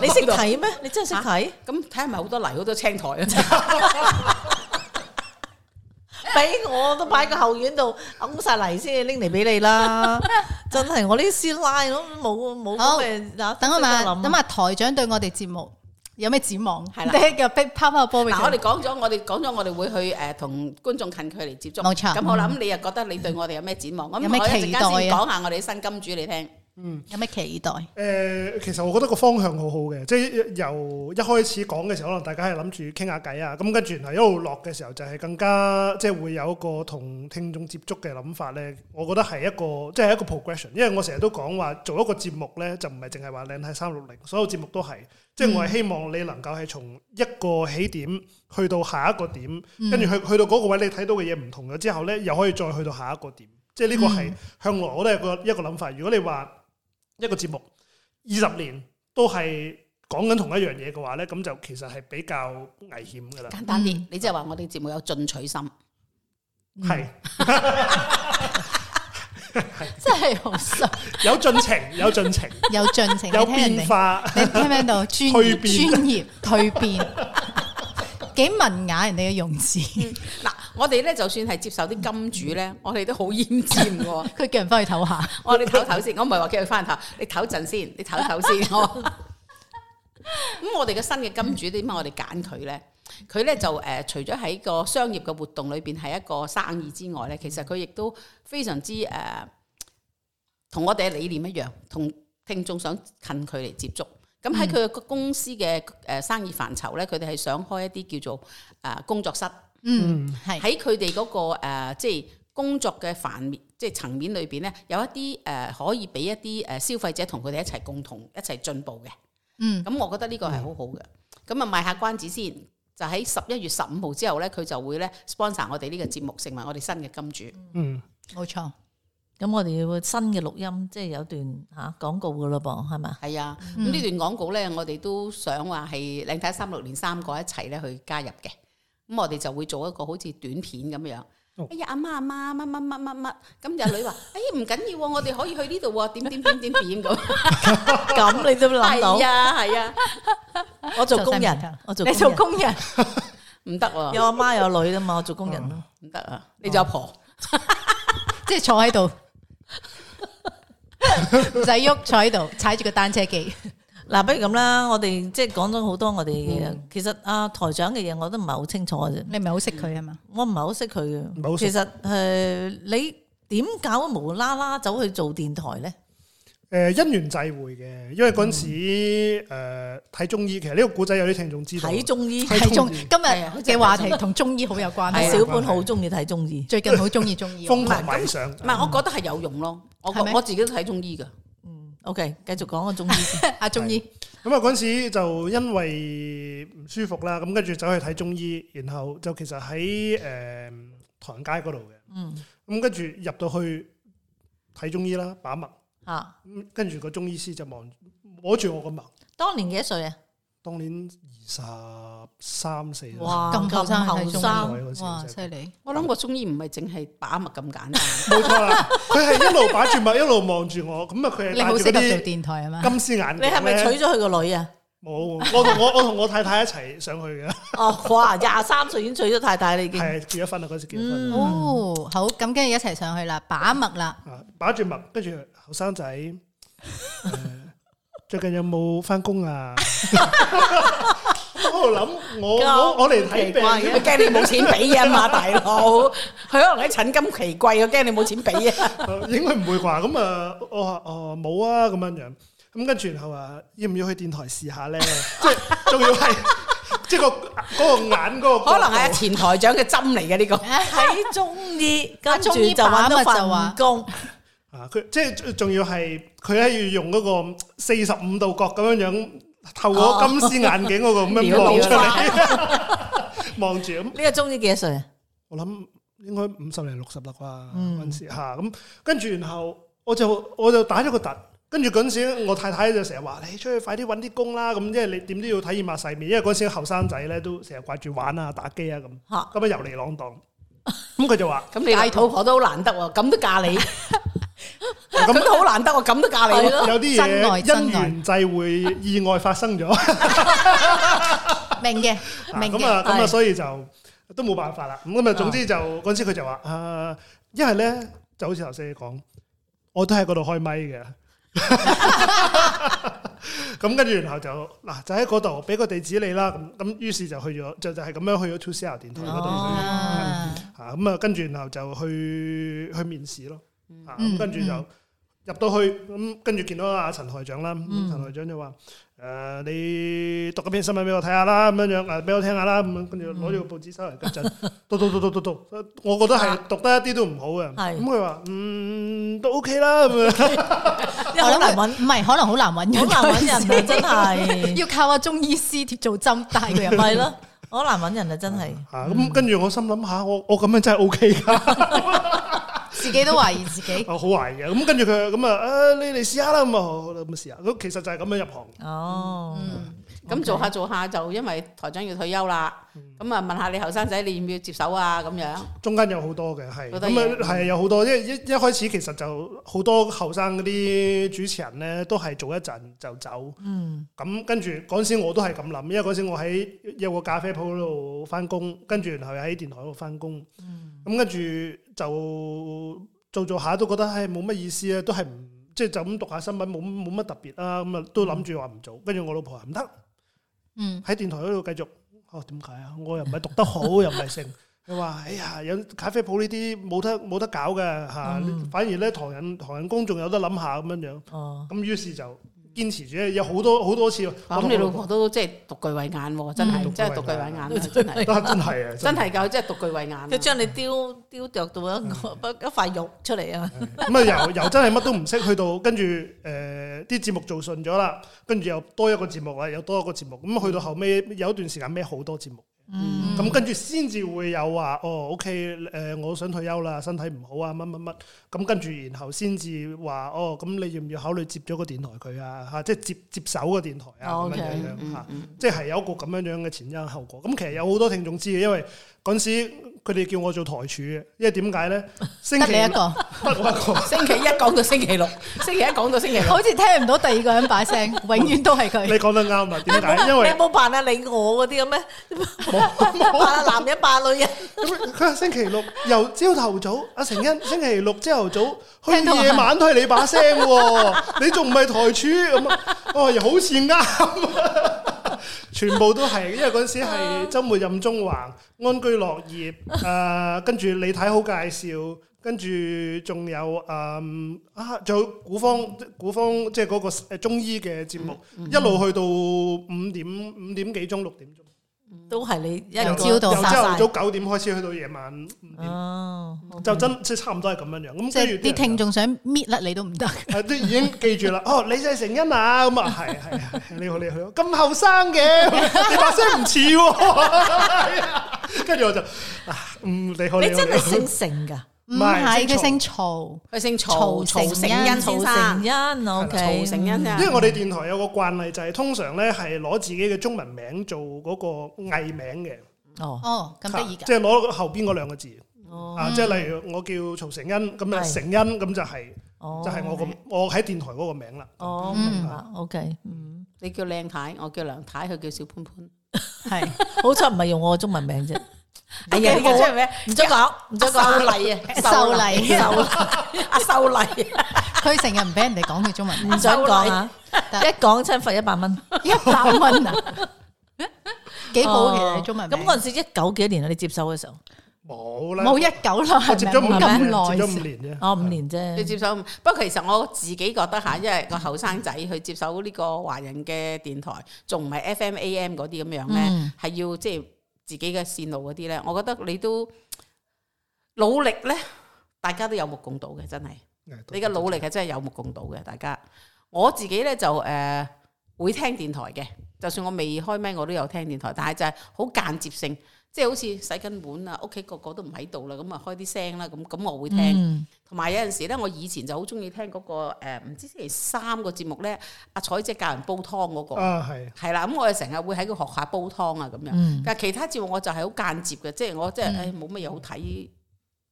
你識睇咩？你真係識睇？咁睇係咪好多泥好多青苔啊？俾我都擺個後院度，掹晒泥先拎嚟俾你啦。真係我呢啲師奶，我冇冇咁嘅嗱。等下等下台長對我哋節目有咩展望？係啦的，又劈拋拋波。嗱，我哋講咗，我哋講咗，我哋會去誒同、呃、觀眾近距離接觸。冇錯錯。咁我諗，你又覺得你對我哋有咩展望？有咩期待啊？講下我哋新金主你聽。嗯。有咩期待？誒、呃，其實我覺得個方向好好嘅，即、就、係、是、由一開始講嘅時候，可能大家係諗住傾下偈啊。咁跟住，然後一路落嘅時候就，就係更加即係會有一個同聽眾接觸嘅諗法咧。我覺得係一個，即、就、係、是、一個 progression。因為我成日都講話做一個節目咧，就唔係淨係話靚太三六零，所有節目都係。即係我係希望你能夠係從一個起點去到下一個點，嗯、跟住去去到嗰個位你睇到嘅嘢唔同咗之後呢，又可以再去到下一個點。即係呢個係向來我都有個一個諗法。如果你話一個節目二十年都係講緊同一樣嘢嘅話呢，咁就其實係比較危險噶啦。簡單啲，你即係話我哋節目有進取心，係。一真係好衰，有進程，有進程一，有進程，有變化。你聽唔一聽到？專業專嗚業蛻變，幾文雅人哋嘅用詞。嗱一、嗯，我哋咧就算係接受啲金主咧，我哋都好腌尖嘅。佢一叫人翻去唞下，我話你唞唞先。一我唔係話叫佢翻頭，你唞陣先，你唞唞先。咁一一一我哋嘅新嘅金主點解我哋揀佢咧？一一佢咧就誒、呃、除咗喺個商業嘅活動裏邊係一個生意之外咧，其實佢亦都非常之誒同、呃、我哋嘅理念一樣，同聽眾想近距離接觸。咁喺佢個公司嘅誒、呃、生意範疇咧，佢哋係想開一啲叫做啊、呃、工作室。嗯，係喺佢哋嗰個、呃、即係工作嘅範即係層面裏邊咧，有一啲誒、呃、可以俾一啲誒消費者同佢哋一齊共同一齊進步嘅。嗯，咁我覺得呢個係好好嘅。咁啊、嗯，賣下關子先。就喺十一月十五號之後咧，佢就會咧 sponsor 我哋呢個節目，成為我哋新嘅金主。嗯，冇錯、嗯。咁我哋會新嘅錄音，即係有段吓廣告㗎喇噃，係咪？係啊，咁呢段廣告咧、啊，我哋都想話係靚太360三個一齊咧去加入嘅。咁我哋就會做一個好似短片咁樣。 哎呀，阿媽阿媽乜乜乜乜乜，咁有 女話，哎唔緊要，我哋可以去呢度，點點點點點咁，咁你都諗到，係啊，啊哈哈我做工人，我做你做工人唔得喎， 啊、有阿媽有女噶嘛，我做工人咯，唔得 啊，你做阿婆， 即係坐喺度，唔使喐，坐喺度踩住個單車機。嗱，不如咁啦，我哋即係講咗好多我哋，其實阿台長嘅嘢我都唔係好清楚啫。你唔係好識佢吖嘛？我唔係好識佢嘅。其實誒，你點搞無啦啦走去做電台咧？誒，因緣際會嘅，因為嗰陣時誒睇中醫，其實呢個故仔有啲聽眾知道。睇中醫，睇中今日嘅話題同中醫好有關係。小本好中意睇中醫，最近好中意中醫。瘋狂迷上。唔係，我覺得係有用咯。我我自己都睇中醫噶。O K，繼續講個中醫，阿、 啊、中醫。咁啊嗰陣時就因為唔舒服啦，咁跟住走去睇中醫，然後就其實喺、誒、呃、唐街嗰度嘅。嗯。咁跟住入到去睇中醫啦，把脈。啊。咁跟住個中醫師就望，摸住我個脈。當年幾多歲啊，啊？當年。十三四，哇咁後生後生。哇犀利！我諗我中醫唔係淨係把脈咁簡單，冇錯啦，佢係一路把住脈，一路望住我，咁啊佢係戴住啲金絲眼鏡，你係咪娶咗佢個女啊？冇，我同我我同我太太一齊上去嘅。哦，哇，廿三歲已經娶咗太太，你已經，係結咗婚啦，嗰時結咗婚。哦，好，咁跟住一齊上去啦，把脈啦，把住脈，跟住，後生仔，最近有冇返工啊？我諗我我嚟睇病，驚你冇錢俾啊嘛，大佬，佢 可能喺診金奇貴，我驚你冇錢俾啊。應該唔會啩？咁、哦哦哦、啊，我我冇啊，咁樣樣。咁跟住然後啊，要唔要去電台試下咧？ 即係仲要係即係個個，個眼嗰個，可能係前台長嘅針嚟嘅呢個喺 中醫，跟着 跟住就揾到份工。啊，佢即係仲要係佢咧要用嗰個四十五度角咁樣樣。透過金絲眼鏡嗰個咁樣望出嚟，望住咁。呢個鐘啲幾多歲啊？我諗應該五十零六十啦啩。陣時吓，咁跟住然後我就我就打咗個突，跟住嗰陣時我太太就成日話你出去快啲揾啲工啦，咁即係你點都要體驗下世面，因為嗰陣時後生仔咧都成日掛住玩啊、打機啊咁。吓，咁樣遊嚟浪蕩，咁佢 就話：你嗌肚 婆都好難得喎，咁都嫁你。 咁都好難得，我咁都嫁你咯。的有啲嘢，愛因緣際會，意外發生咗， 明嘅的，明嘅。咁啊，咁啊，啊，啊，所以就都冇辦法啦。咁啊，總之就嗰陣、oh. 時佢就話啊，一係咧就好似頭先你講，我都喺嗰度開咪嘅。咁 跟住然後就嗱、啊，就喺嗰度俾個地址你啦。咁於是就去咗，就就係咁樣去咗 Two C R 電台嗰度、oh. 啊嗯。啊，咁啊，啊，跟住然後就去去面試咯。 跟住就入到去咁，跟住見到阿陳台長啦，陳台長就話：誒，你讀嗰篇新聞俾我睇下啦，咁樣，誒，俾我聽下啦，咁樣。跟住攞咗個報紙收嚟，跟住讀讀讀讀讀，我覺得係讀得一啲都唔好嘅。咁佢話：嗯，都 OK 啦。因為好難搵，唔係可能好難搵，好難搵人啊！真係要靠阿中醫師貼做針帶佢入去，係咯，好難搵人啊！真係。咁，跟住我心諗下，我我咁樣真係 OK 噶。自己都懷疑自己，好 懷疑啊！咁跟住佢咁啊，你嚟試下啦，咁啊咁試下。咁其實就係咁樣入行。哦，咁做下做下就因為台長要退休啦，咁啊、嗯、問下你後生仔你要唔要接手啊？咁樣中間有好多嘅，係咁啊，係、嗯、有好多，因為一開始其實就好多後生嗰啲主持人咧，都係做一陣就走。嗯，咁跟住嗰陣時我都係咁諗，因為嗰陣時我喺一個咖啡鋪度翻工，跟住然後又喺電台度翻工。嗯，咁跟住。跟就，就做做下都覺得唉冇乜意思、就是、就啊，都係唔即係就咁讀下新聞，冇冇乜特別啊，咁啊，都諗住話唔做。跟住我老婆話唔得，嗯，喺電台嗰度繼續。哦，點解啊？我又唔係讀得好， 又唔係成。佢話：哎呀，有咖啡鋪呢啲冇得冇得搞嘅嚇。啊嗯、反而咧，唐人唐人工仲有得諗下咁樣樣。哦，咁於是就。堅持住咧，有好多好多次。咁你老婆都即係獨具慧眼喎，真係，真係獨具慧眼，真係，真係啊！真係㗎，即係獨具慧眼，佢將你雕雕琢到一個一塊玉出嚟啊！咁啊又又真係乜都唔識去到，跟住誒啲節目做順咗啦，跟住又多一個節目啦，又多一個節目，咁去到後尾有一段時間孭好多節目。嗯，咁、嗯、跟住先至會有話，哦，OK，誒、呃，我想退休啦，身體唔好啊，乜乜乜，咁跟住然後先至話，哦，咁你要唔要考慮接咗個電台佢啊？嚇、啊，即係接接手個電台啊，咁、哦、樣樣嚇，即係有一個咁樣樣嘅前因後果。咁、嗯嗯、其實有好多聽眾知嘅，因為。嗰時佢哋叫我做台柱，因為點解咧？星期一個， 星期一講到星期六，星期一講到星期，六， 好似聽唔到第二個人把聲，永遠都係佢。你講得啱啊？點解？因為你冇扮下你我嗰啲咁咩？冇扮下男人扮女人星、啊。星期六由朝頭早，阿成欣星期六朝頭早去夜晚都係你把聲，你仲唔係台柱咁啊？ 哦，又好似啱。全部都係，因為嗰陣時係周末任中環安居樂業，誒，跟住李太好介紹，跟住仲有誒啊，仲有古方古方，即係嗰個誒中醫嘅節目，一路去到五點五點幾鐘六點鐘。都係你一朝到晚，朝早九點開始去到夜晚。哦，okay。就真即係差唔多係咁樣樣。咁即係啲聽眾想搣甩你都唔得，都已經記住啦。 哦，你就成恩啊，咁啊，係係，你好你好，咁後生嘅，你把聲唔似。跟住我就，嗯，你好你好，你真係姓成噶。 唔係佢姓曹，佢姓曹曹曹成恩先生，OK。曹成恩，因為我哋電台有個慣例就係通常咧係攞自己嘅中文名做嗰個藝名嘅。哦哦，咁得意噶，即係攞後邊嗰兩個字。哦，即係例如我叫曹成恩，咁啊成恩咁就係，就係我個我喺電台嗰個名啦。哦，嗯，OK，嗯，你叫靚太，我叫梁太，佢叫小潘潘，係好彩唔係用我嘅中文名啫。哎呀，呢個真係咩？唔准講，唔准講。秀麗啊，秀麗，秀阿秀麗。佢成日唔俾人哋講佢中文，唔想講啊！一講親罰一百蚊，一百蚊啊！幾好其實中文。咁嗰陣時一九幾多年啊？你接手嘅時候冇啦，冇一九啦，接咗唔咁耐，接咗五年啫，哦，五年啫，你接手。不過其實我自己覺得吓，因為個後生仔去接手呢個華人嘅電台，仲唔係 FM AM 嗰啲咁樣咧，係要即係。自己嘅線路嗰啲咧，我覺得你都努力咧，大家都有目共睹嘅，真係 你嘅努力係真係有目共睹嘅，大家我自己咧就誒、呃、會聽電台嘅，就算我未開咪，我都有聽電台，但係就係好間接性。即係好似洗緊碗啊，屋企個個都唔喺度啦，咁啊開啲聲啦，咁咁我會聽。同埋、嗯、有陣時咧，我以前就好鍾意聽嗰、那個唔知星期三個節目咧，阿、啊、彩姐教人煲湯嗰、那個。係、哦。係啦，咁我係成日會喺個學下煲湯啊，咁樣。嗯、但係其他節目我就係好間接嘅，即係我即係誒冇乜嘢好睇，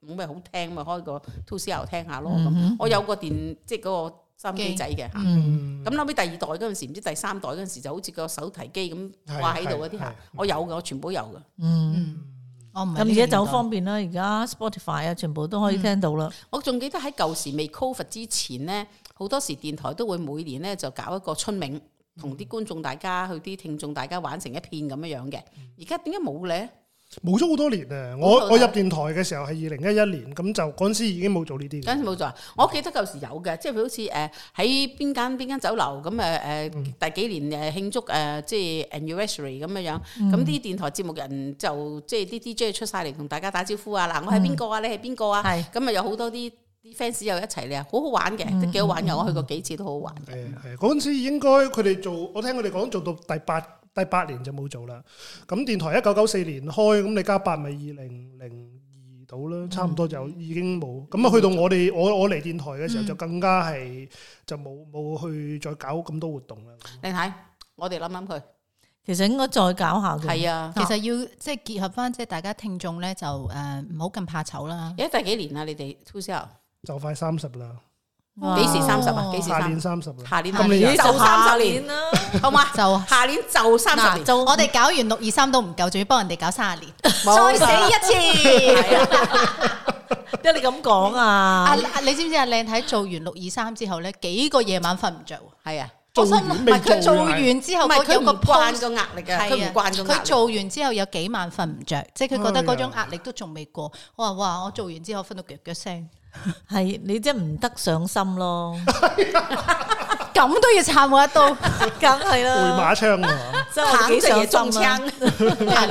冇咩好聽咪開個 2CR 又聽下咯。嗯、哼我有個電即係、那、嗰個。心機仔嘅吓，咁諗、嗯、起第二代嗰陣時，唔知第三代嗰陣時，就好似個手提機咁掛喺度嗰啲吓，我有嘅，我全部有嘅。嗯，嗯我唔咁而家就好方便啦，而家 Spotify 啊，全部都可以聽到啦、嗯。我仲記得喺舊時未 COVID 之前咧，好多時電台都會每年咧就搞一個春茗，同啲觀眾大家去啲聽眾大家玩成一片咁樣樣嘅。而家點解冇咧？冇咗好多年啊！我我入電台嘅時候係二零一一年，咁就嗰陣時已經冇做呢啲。嗰陣時冇做啊！我記得舊時有嘅，即係佢好似誒喺邊間邊間酒樓咁誒誒，嗯、第幾年誒慶祝誒、啊、即係 anniversary 咁樣樣，咁啲、嗯、電台節目人就，就即係啲 DJ、I、出晒嚟同大家打招呼啊！嗱，我係邊個啊？你係邊個啊？咁啊、嗯、有好多啲啲 fans 又一齊嚟啊，好玩的、嗯、好玩嘅，都幾好玩嘅。我去過幾次都好玩嘅。誒誒的，嗰陣時應該佢哋做，我聽佢哋講做到第八。第八年就冇做啦，咁電台一九九四年開，咁你加八咪二零零二到啦，差唔多就已經冇。咁啊，去到我哋我我嚟電台嘅時候就更加係就冇冇去再搞咁多活動啦。你睇我哋諗諗佢，其實應該再搞下嘅。係啊，其實要即係結合翻即係大家聽眾咧，就誒唔好咁怕醜啦。誒第幾年啊？你哋 two show 就快三十啦。幾時三十啊？下年三十，下年就三十年啦，好嘛？就下年就三十年。我哋搞完六二三都唔夠，仲要幫人哋搞三十年，再死一次。因你咁講啊？啊，你知唔知阿靚太做完六二三之後咧，幾個夜晚瞓唔着。係啊，我心係佢做完之後，唔係佢唔慣個壓力嘅，佢唔慣個壓力。佢做完之後有幾晚瞓唔着，即係佢覺得嗰種壓力都仲未過。我話哇，我做完之後瞓到腳腳聲。係你真係唔得上心咯，咁都 要插我一刀，梗係啦，回馬槍啊，即係幾想中槍，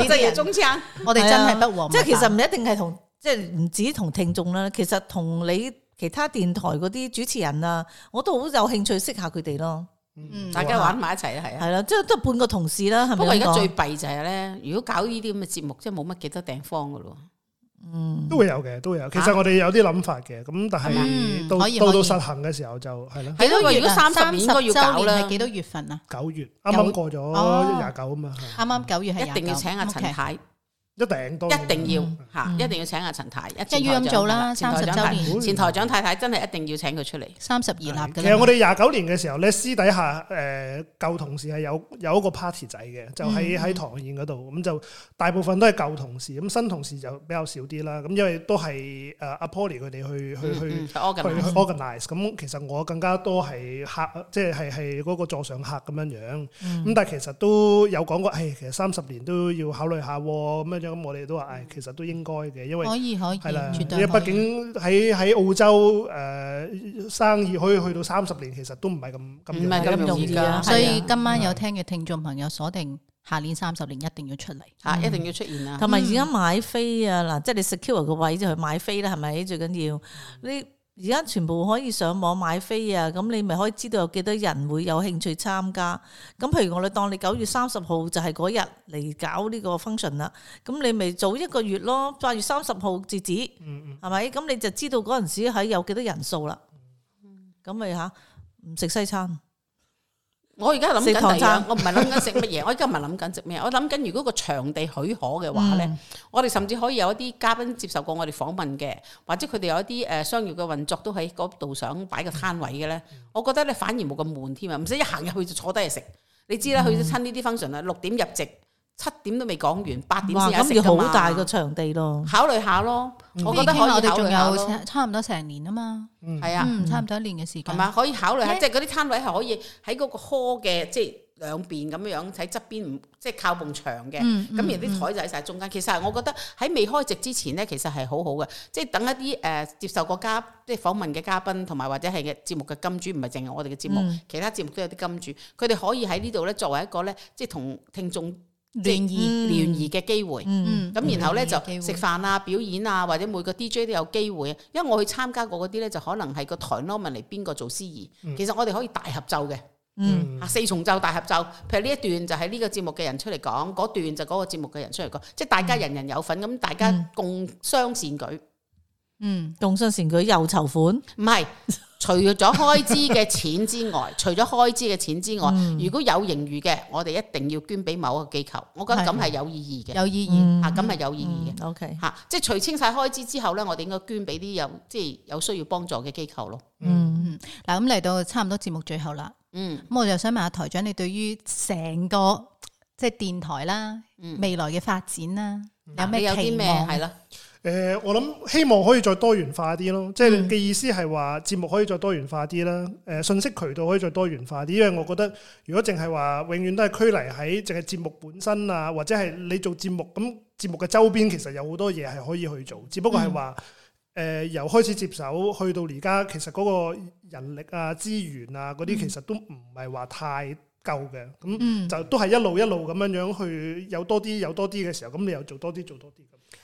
即係 中槍。 我哋真係不和，即係、啊、其實唔一定係同，即係唔止同聽眾啦，其實同你其他電台嗰啲主持人啊，我都好有興趣識下佢哋咯。嗯，大家玩埋一齊係啊，係啦、啊，即係都係半個同事啦。是不，是不過而家最弊就係咧，如果搞呢啲咁嘅節目，即係冇乜幾多地方噶咯。嗯，都會有嘅，都會有。其實我哋有啲諗法嘅，咁但係到到到實行嘅時候就係咯。係咯，吧如果三三、十周年呢，係幾多月份啊？九月啱啱過咗廿九啊嘛。啱啱九月係一定要請阿陳太。Okay. 一定多，一定要吓，一定要請阿陳太，一於要咁做啦。三十周年，前台長太太真係一定要請佢出嚟。三十二立嘅。其實我哋廿九年嘅時候咧，私底下誒舊同事係有有一個 party 仔嘅，就喺喺唐燕嗰度，咁就大部分都係舊同事，咁新同事就比較少啲啦。咁因為都係誒阿 Paulie 佢哋去去去去 organize，咁其實我更加多係客，即係係係嗰個座上客咁樣樣。咁但係其實都有講過，誒其實三十年都要考慮下咁樣。咁我哋都話，誒，其實都應該嘅，因為可以可以，係啦，絕對，因為畢竟喺喺澳洲誒、呃，生意可以去到三十年，其實都唔係咁唔係咁容易噶。易所以今晚有聽嘅聽眾朋友鎖定，鎖定下年三十年一定要出嚟吓，嗯、一定要出現啦。同埋、嗯、而家買飛啊，嗱、嗯，即係你 secure 個位就去買飛啦，係咪最緊要、嗯、你？而家全部可以上網買飛啊，咁你咪可以知道有幾多人會有興趣參加。咁譬如我哋當你九月三十號就係嗰日嚟搞呢個 function 啦，咁你咪早一個月咯，八月三十號截止，係咪、嗯嗯？咁你就知道嗰陣時喺有幾多人數啦。咁咪吓唔食西餐。我而家諗緊第二樣，我唔係諗緊食乜嘢，我而家唔係諗緊食咩，我諗緊如果個場地許可嘅話咧，嗯、我哋甚至可以有一啲嘉賓接受過我哋訪問嘅，或者佢哋有一啲誒商業嘅運作都喺嗰度想擺個攤位嘅咧，我覺得咧反而冇咁悶添啊，唔使一行入去就坐低嚟食，你知啦，嗯、去親呢啲 function 啊，六點入席。七點都未講完，八點先食噶嘛。哇！咁要好大個場地咯。考慮下咯，嗯、我覺得可以，我哋仲有差唔多成年啊嘛，係啊，差唔多一年嘅、嗯嗯、時間。係嘛、嗯，可以考慮下，欸、即係嗰啲攤位係可以喺嗰個攤嘅即係兩邊咁樣樣喺側邊，即係靠埲牆嘅。咁、嗯嗯、而啲台就喺曬中間。嗯嗯、其實我覺得喺未開席之前咧，其實係好好嘅，即係等一啲誒、呃、接受過家即係訪問嘅嘉賓同埋或者係嘅節目嘅金主，唔係淨係我哋嘅節目，嗯、其他節目都有啲金主，佢哋可以喺呢度咧作為一個咧，即係同聽眾。聯誼聯誼嘅機會，咁、嗯、然後咧、嗯、就食飯啊、表演啊，或者每個 DJ 都有機會。因為我去參加過嗰啲咧，就可能係個台攞問嚟邊個做司儀。嗯、其實我哋可以大合奏嘅，嚇、嗯、四重奏大合奏。譬如呢一段就係呢個節目嘅人出嚟講，嗰段就嗰個節目嘅人出嚟講，即係大家人人有份，咁、嗯、大家共襄善舉。嗯嗯嗯，動身成佢又籌款，唔係除咗開支嘅錢之外，除咗開支嘅錢之外，如果有盈餘嘅，我哋一定要捐俾某個機構。我覺得咁係有意義嘅，有意義吓，咁係有意義嘅。OK 吓，即係除清晒開支之後咧，我哋應該捐俾啲有即係有需要幫助嘅機構咯。嗯嗯，嗱，咁嚟到差唔多節目最後啦。嗯，咁我就想問下台長，你對於成個即係電台啦，未來嘅發展啦，有咩有啲咩係啦？誒、呃，我諗希望可以再多元化啲咯。即係你嘅意思係話節目可以再多元化啲啦。誒、呃，信息渠道可以再多元化啲，因為我覺得如果淨係話永遠都係拘泥喺淨係節目本身啊或者係你做節目咁節目嘅周邊其實有好多嘢係可以去做，只不過係話誒由開始接手去到而家，其實嗰個人力啊資源啊嗰啲，其實都唔係話太夠嘅。咁就都係一路一路咁樣樣去有多啲有多啲嘅時候，咁你又做多啲做多啲。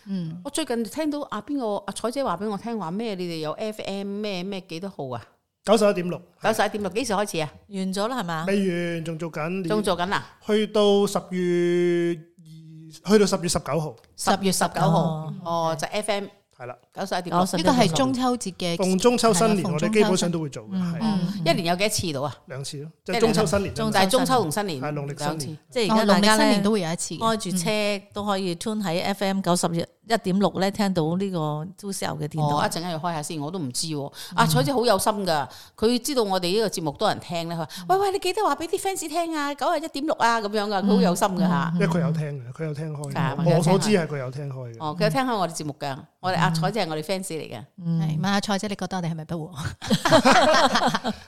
嗯，我最近聽到啊，邊個阿彩姐話俾我聽話咩，你哋有 FM 咩咩幾多號啊？九十一點六，九十一點六，幾時開始啊？完咗啦，係嘛？未完，仲做緊，仲做緊啊去？去到十月二，去到十月十九號，十月十九號，哦，就是 FM。係啦，九十一點。哦，呢個係中秋節嘅。逢中秋新年，我哋基本上都會做嘅。嗯，一年有幾多次到啊？兩次咯，就中秋新年。就係中秋同新年，農曆兩次。即係而家，農曆新年都會有一次。開住車都可以 tune 喺 FM 九十一。一點六咧，聽到呢個都市嘅電台，一陣間要開下先，我都唔知、啊。阿、嗯啊、彩姐好有心噶，佢知道我哋呢個節目多人聽咧，佢話：喂喂，你記得話俾啲 fans 聽啊，九啊一點六啊咁樣噶，佢好有心噶吓。嗯、因為佢有聽嘅，佢有聽開。嗯、我所知係佢有聽開嘅。嗯、哦，佢有聽開我哋節目噶，我哋阿、嗯啊、彩姐係我哋 fans 嚟嘅。係、嗯、問下彩姐，你覺得我哋係咪不和？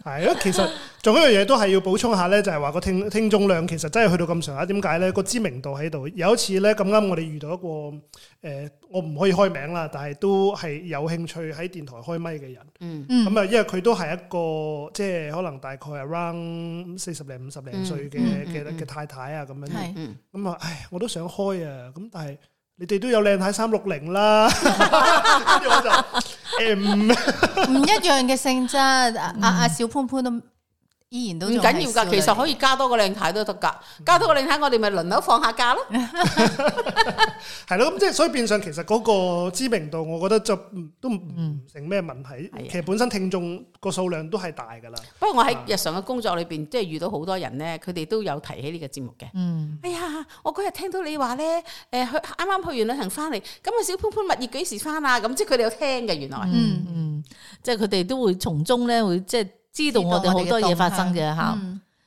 係啊，其實做一樣嘢都係要補充下咧，就係話個聽聽眾量其實真係去到咁上下，點解咧？個知名度喺度。有一次咧，咁啱我哋遇到一個。誒、呃，我唔可以開名啦，但係都係有興趣喺電台開咪嘅人。嗯嗯，咁啊，因為佢都係一個即係可能大概 around 四十零五十零歲嘅嘅嘅太太啊咁樣。咁啊，嗯嗯、唉，我都想開啊，咁但係你哋都有靚太三六零啦。跟住我就唔一樣嘅性質。阿阿、 啊、小潘潘都。唔緊要噶，其實可以多加，嗯、加多個靚太都得噶。加多個靚太，我哋咪輪流放下假咯。係咯，咁即係所以變相其實嗰個知名度，我覺得就都唔成咩問題。嗯、其實本身聽眾個數量都係大噶啦。不過我喺日常嘅工作裏邊，嗯、即係遇到好多人咧，佢哋都有提起呢個節目嘅。嗯，哎呀，我嗰日聽到你話咧，誒去啱啱去完旅行翻嚟，咁啊小潘潘蜜月幾時翻啊？咁即係佢哋有聽嘅原來。嗯嗯，嗯即係佢哋都會從中咧會即係。知道我哋好多嘢發生嘅吓，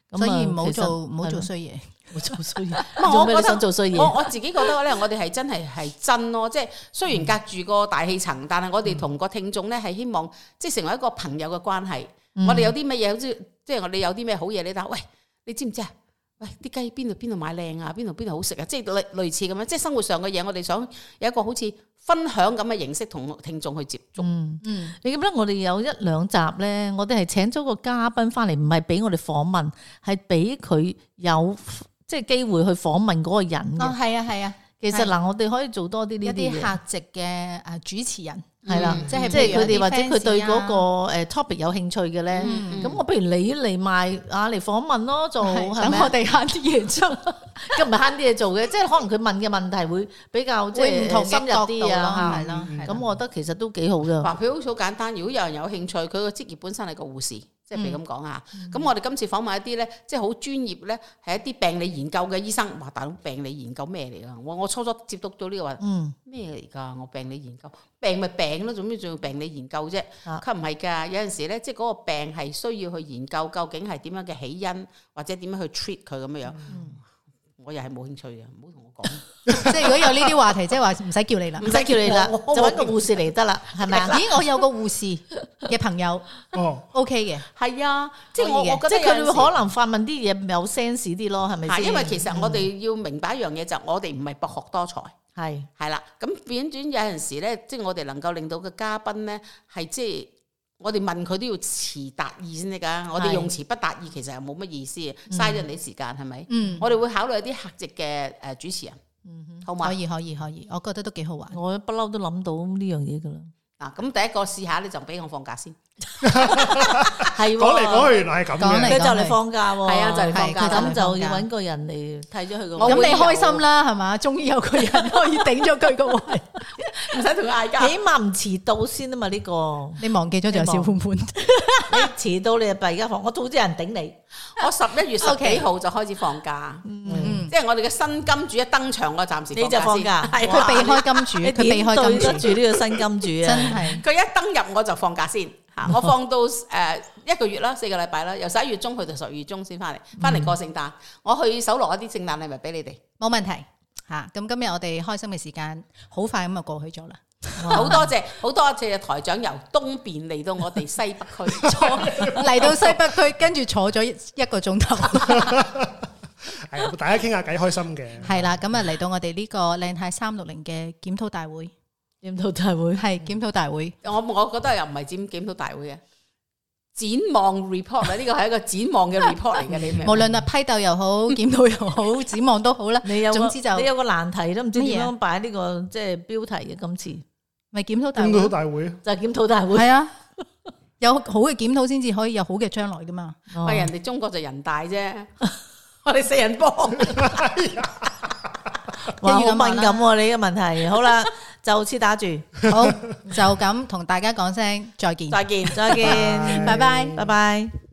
咁啊，唔好做唔好實做衰嘢，唔吧做衰嘢。唔 做咩想做衰嘢？我 我，我自己覺得咧，我哋係真係係真咯，即係雖然隔住個大氣層，但係我哋同個聽眾咧係希望，即係成為一個朋友嘅關係。嗯、我哋有啲乜嘢，就是，好似即係我哋有啲咩好嘢，你答喂，你知唔知啊？喂、哎，啲雞邊度邊度買靚啊？邊度邊度好食啊？即係類類似咁樣，即係生活上嘅嘢，我哋想有一個好似。分享咁嘅形式同聽眾去接觸。嗯，你記得我哋有一兩集咧，我哋係請咗個嘉賓翻嚟，唔係俾我哋訪問，係俾佢有即係機會去訪問嗰個人嘅。哦，係啊，係啊。其實嗱，我哋可以做多啲呢啲嘢。一啲客席嘅誒主持人係啦，即係即係佢哋或者佢對嗰個誒 topic 有興趣嘅咧，咁我譬如你嚟賣啊嚟訪問咯，就等我哋慳啲嘢做，咁唔係慳啲嘢做嘅，即係可能佢問嘅問題會比較會唔同深入啲啊，係咯。咁我覺得其實都幾好噶。嗱，佢好簡單，如果有人有興趣，佢個職業本身係個護士。即係咁講啊！咁我哋今次訪問一啲咧，即係好專業咧，係一啲病理研究嘅醫生話：大佬病理研究咩嚟㗎？我我初初接觸到呢個話，咩嚟㗎？我病理研究病咪病咯，做咩仲要病理研究啫？佢唔係㗎，有陣時咧，即係嗰個病係需要去研究究竟係點樣嘅起因，或者點樣去 treat 佢咁樣。嗯嗯我又係冇興趣嘅，唔好同我講。即係如果有呢啲話題，即係話唔使叫你啦，唔使叫你啦，就揾個護士嚟得啦，係咪啊？咦，我有個護士嘅朋友，哦，OK 嘅，係啊，即係我，我覺得有陣時佢哋會可能發問啲嘢咪有 sense 啲咯，係咪先？因為其實我哋要明白一樣嘢，就我哋唔係博學多才，係係啦。咁變一轉有陣時咧，即係我哋能夠令到個嘉賓咧，係即係。我哋問佢都要詞達意先得㗎，我哋用詞不達意其實又冇乜意思，嘥咗人哋時間係咪？我哋會考慮有啲客席嘅誒主持人，嗯哼，好嘛？可以可以可以，我覺得都幾好玩。我不嬲都諗到呢樣嘢㗎啦。嗱、啊，咁第一個試下你就俾我放假先。係講嚟講去係咁嘅。就嚟放假係啊，就嚟放假咁就要搵個人嚟睇咗佢個位。咁你開心啦，係嘛？終於有個人可以頂咗佢個位，唔使同佢嗌交。起碼唔遲到先啊嘛！呢個你忘記咗就小潘潘，遲到你就弊家房。我都知有人頂你，我十一月十幾號就開始放假，即係我哋嘅新金主一登場，我暫時你就放假，佢避開金主，佢避開金主呢個新金主啊，真係佢一登入我就放假先。我放到誒一個月啦，四個禮拜啦，由十一月中，去到十二月中先翻嚟，翻嚟過聖誕，嗯、我去搜羅一啲聖誕禮物俾你哋，冇問題。吓、啊，咁今日我哋開心嘅時間好快咁就過去咗啦，好、啊、多謝，好、啊、多謝台長由東邊嚟到我哋西北區 坐，嚟到西北區跟住坐咗一個鐘頭，係 大家傾下偈開心嘅。係啦的，咁啊嚟到我哋呢個靚太三六零嘅檢討大會。檢討大會係檢討大會，我我覺得又唔係檢檢討大會嘅展望 report 啦，呢個係一個展望嘅 report 嚟嘅。你明唔明？無論係批鬥又好，檢討又好，展望都好啦。你有總之就你有個難題都唔知點樣擺呢個即係標題嘅今次，咪檢討大會就係檢討大會係啊，有好嘅檢討先至可以有好嘅將來噶嘛。喂，人哋中國就人大啫，我哋四人幫，你好敏感喎！你嘅問題好啦。就此打住， 好，就咁同大家講聲再， 再見，再見，再見，拜拜，拜拜。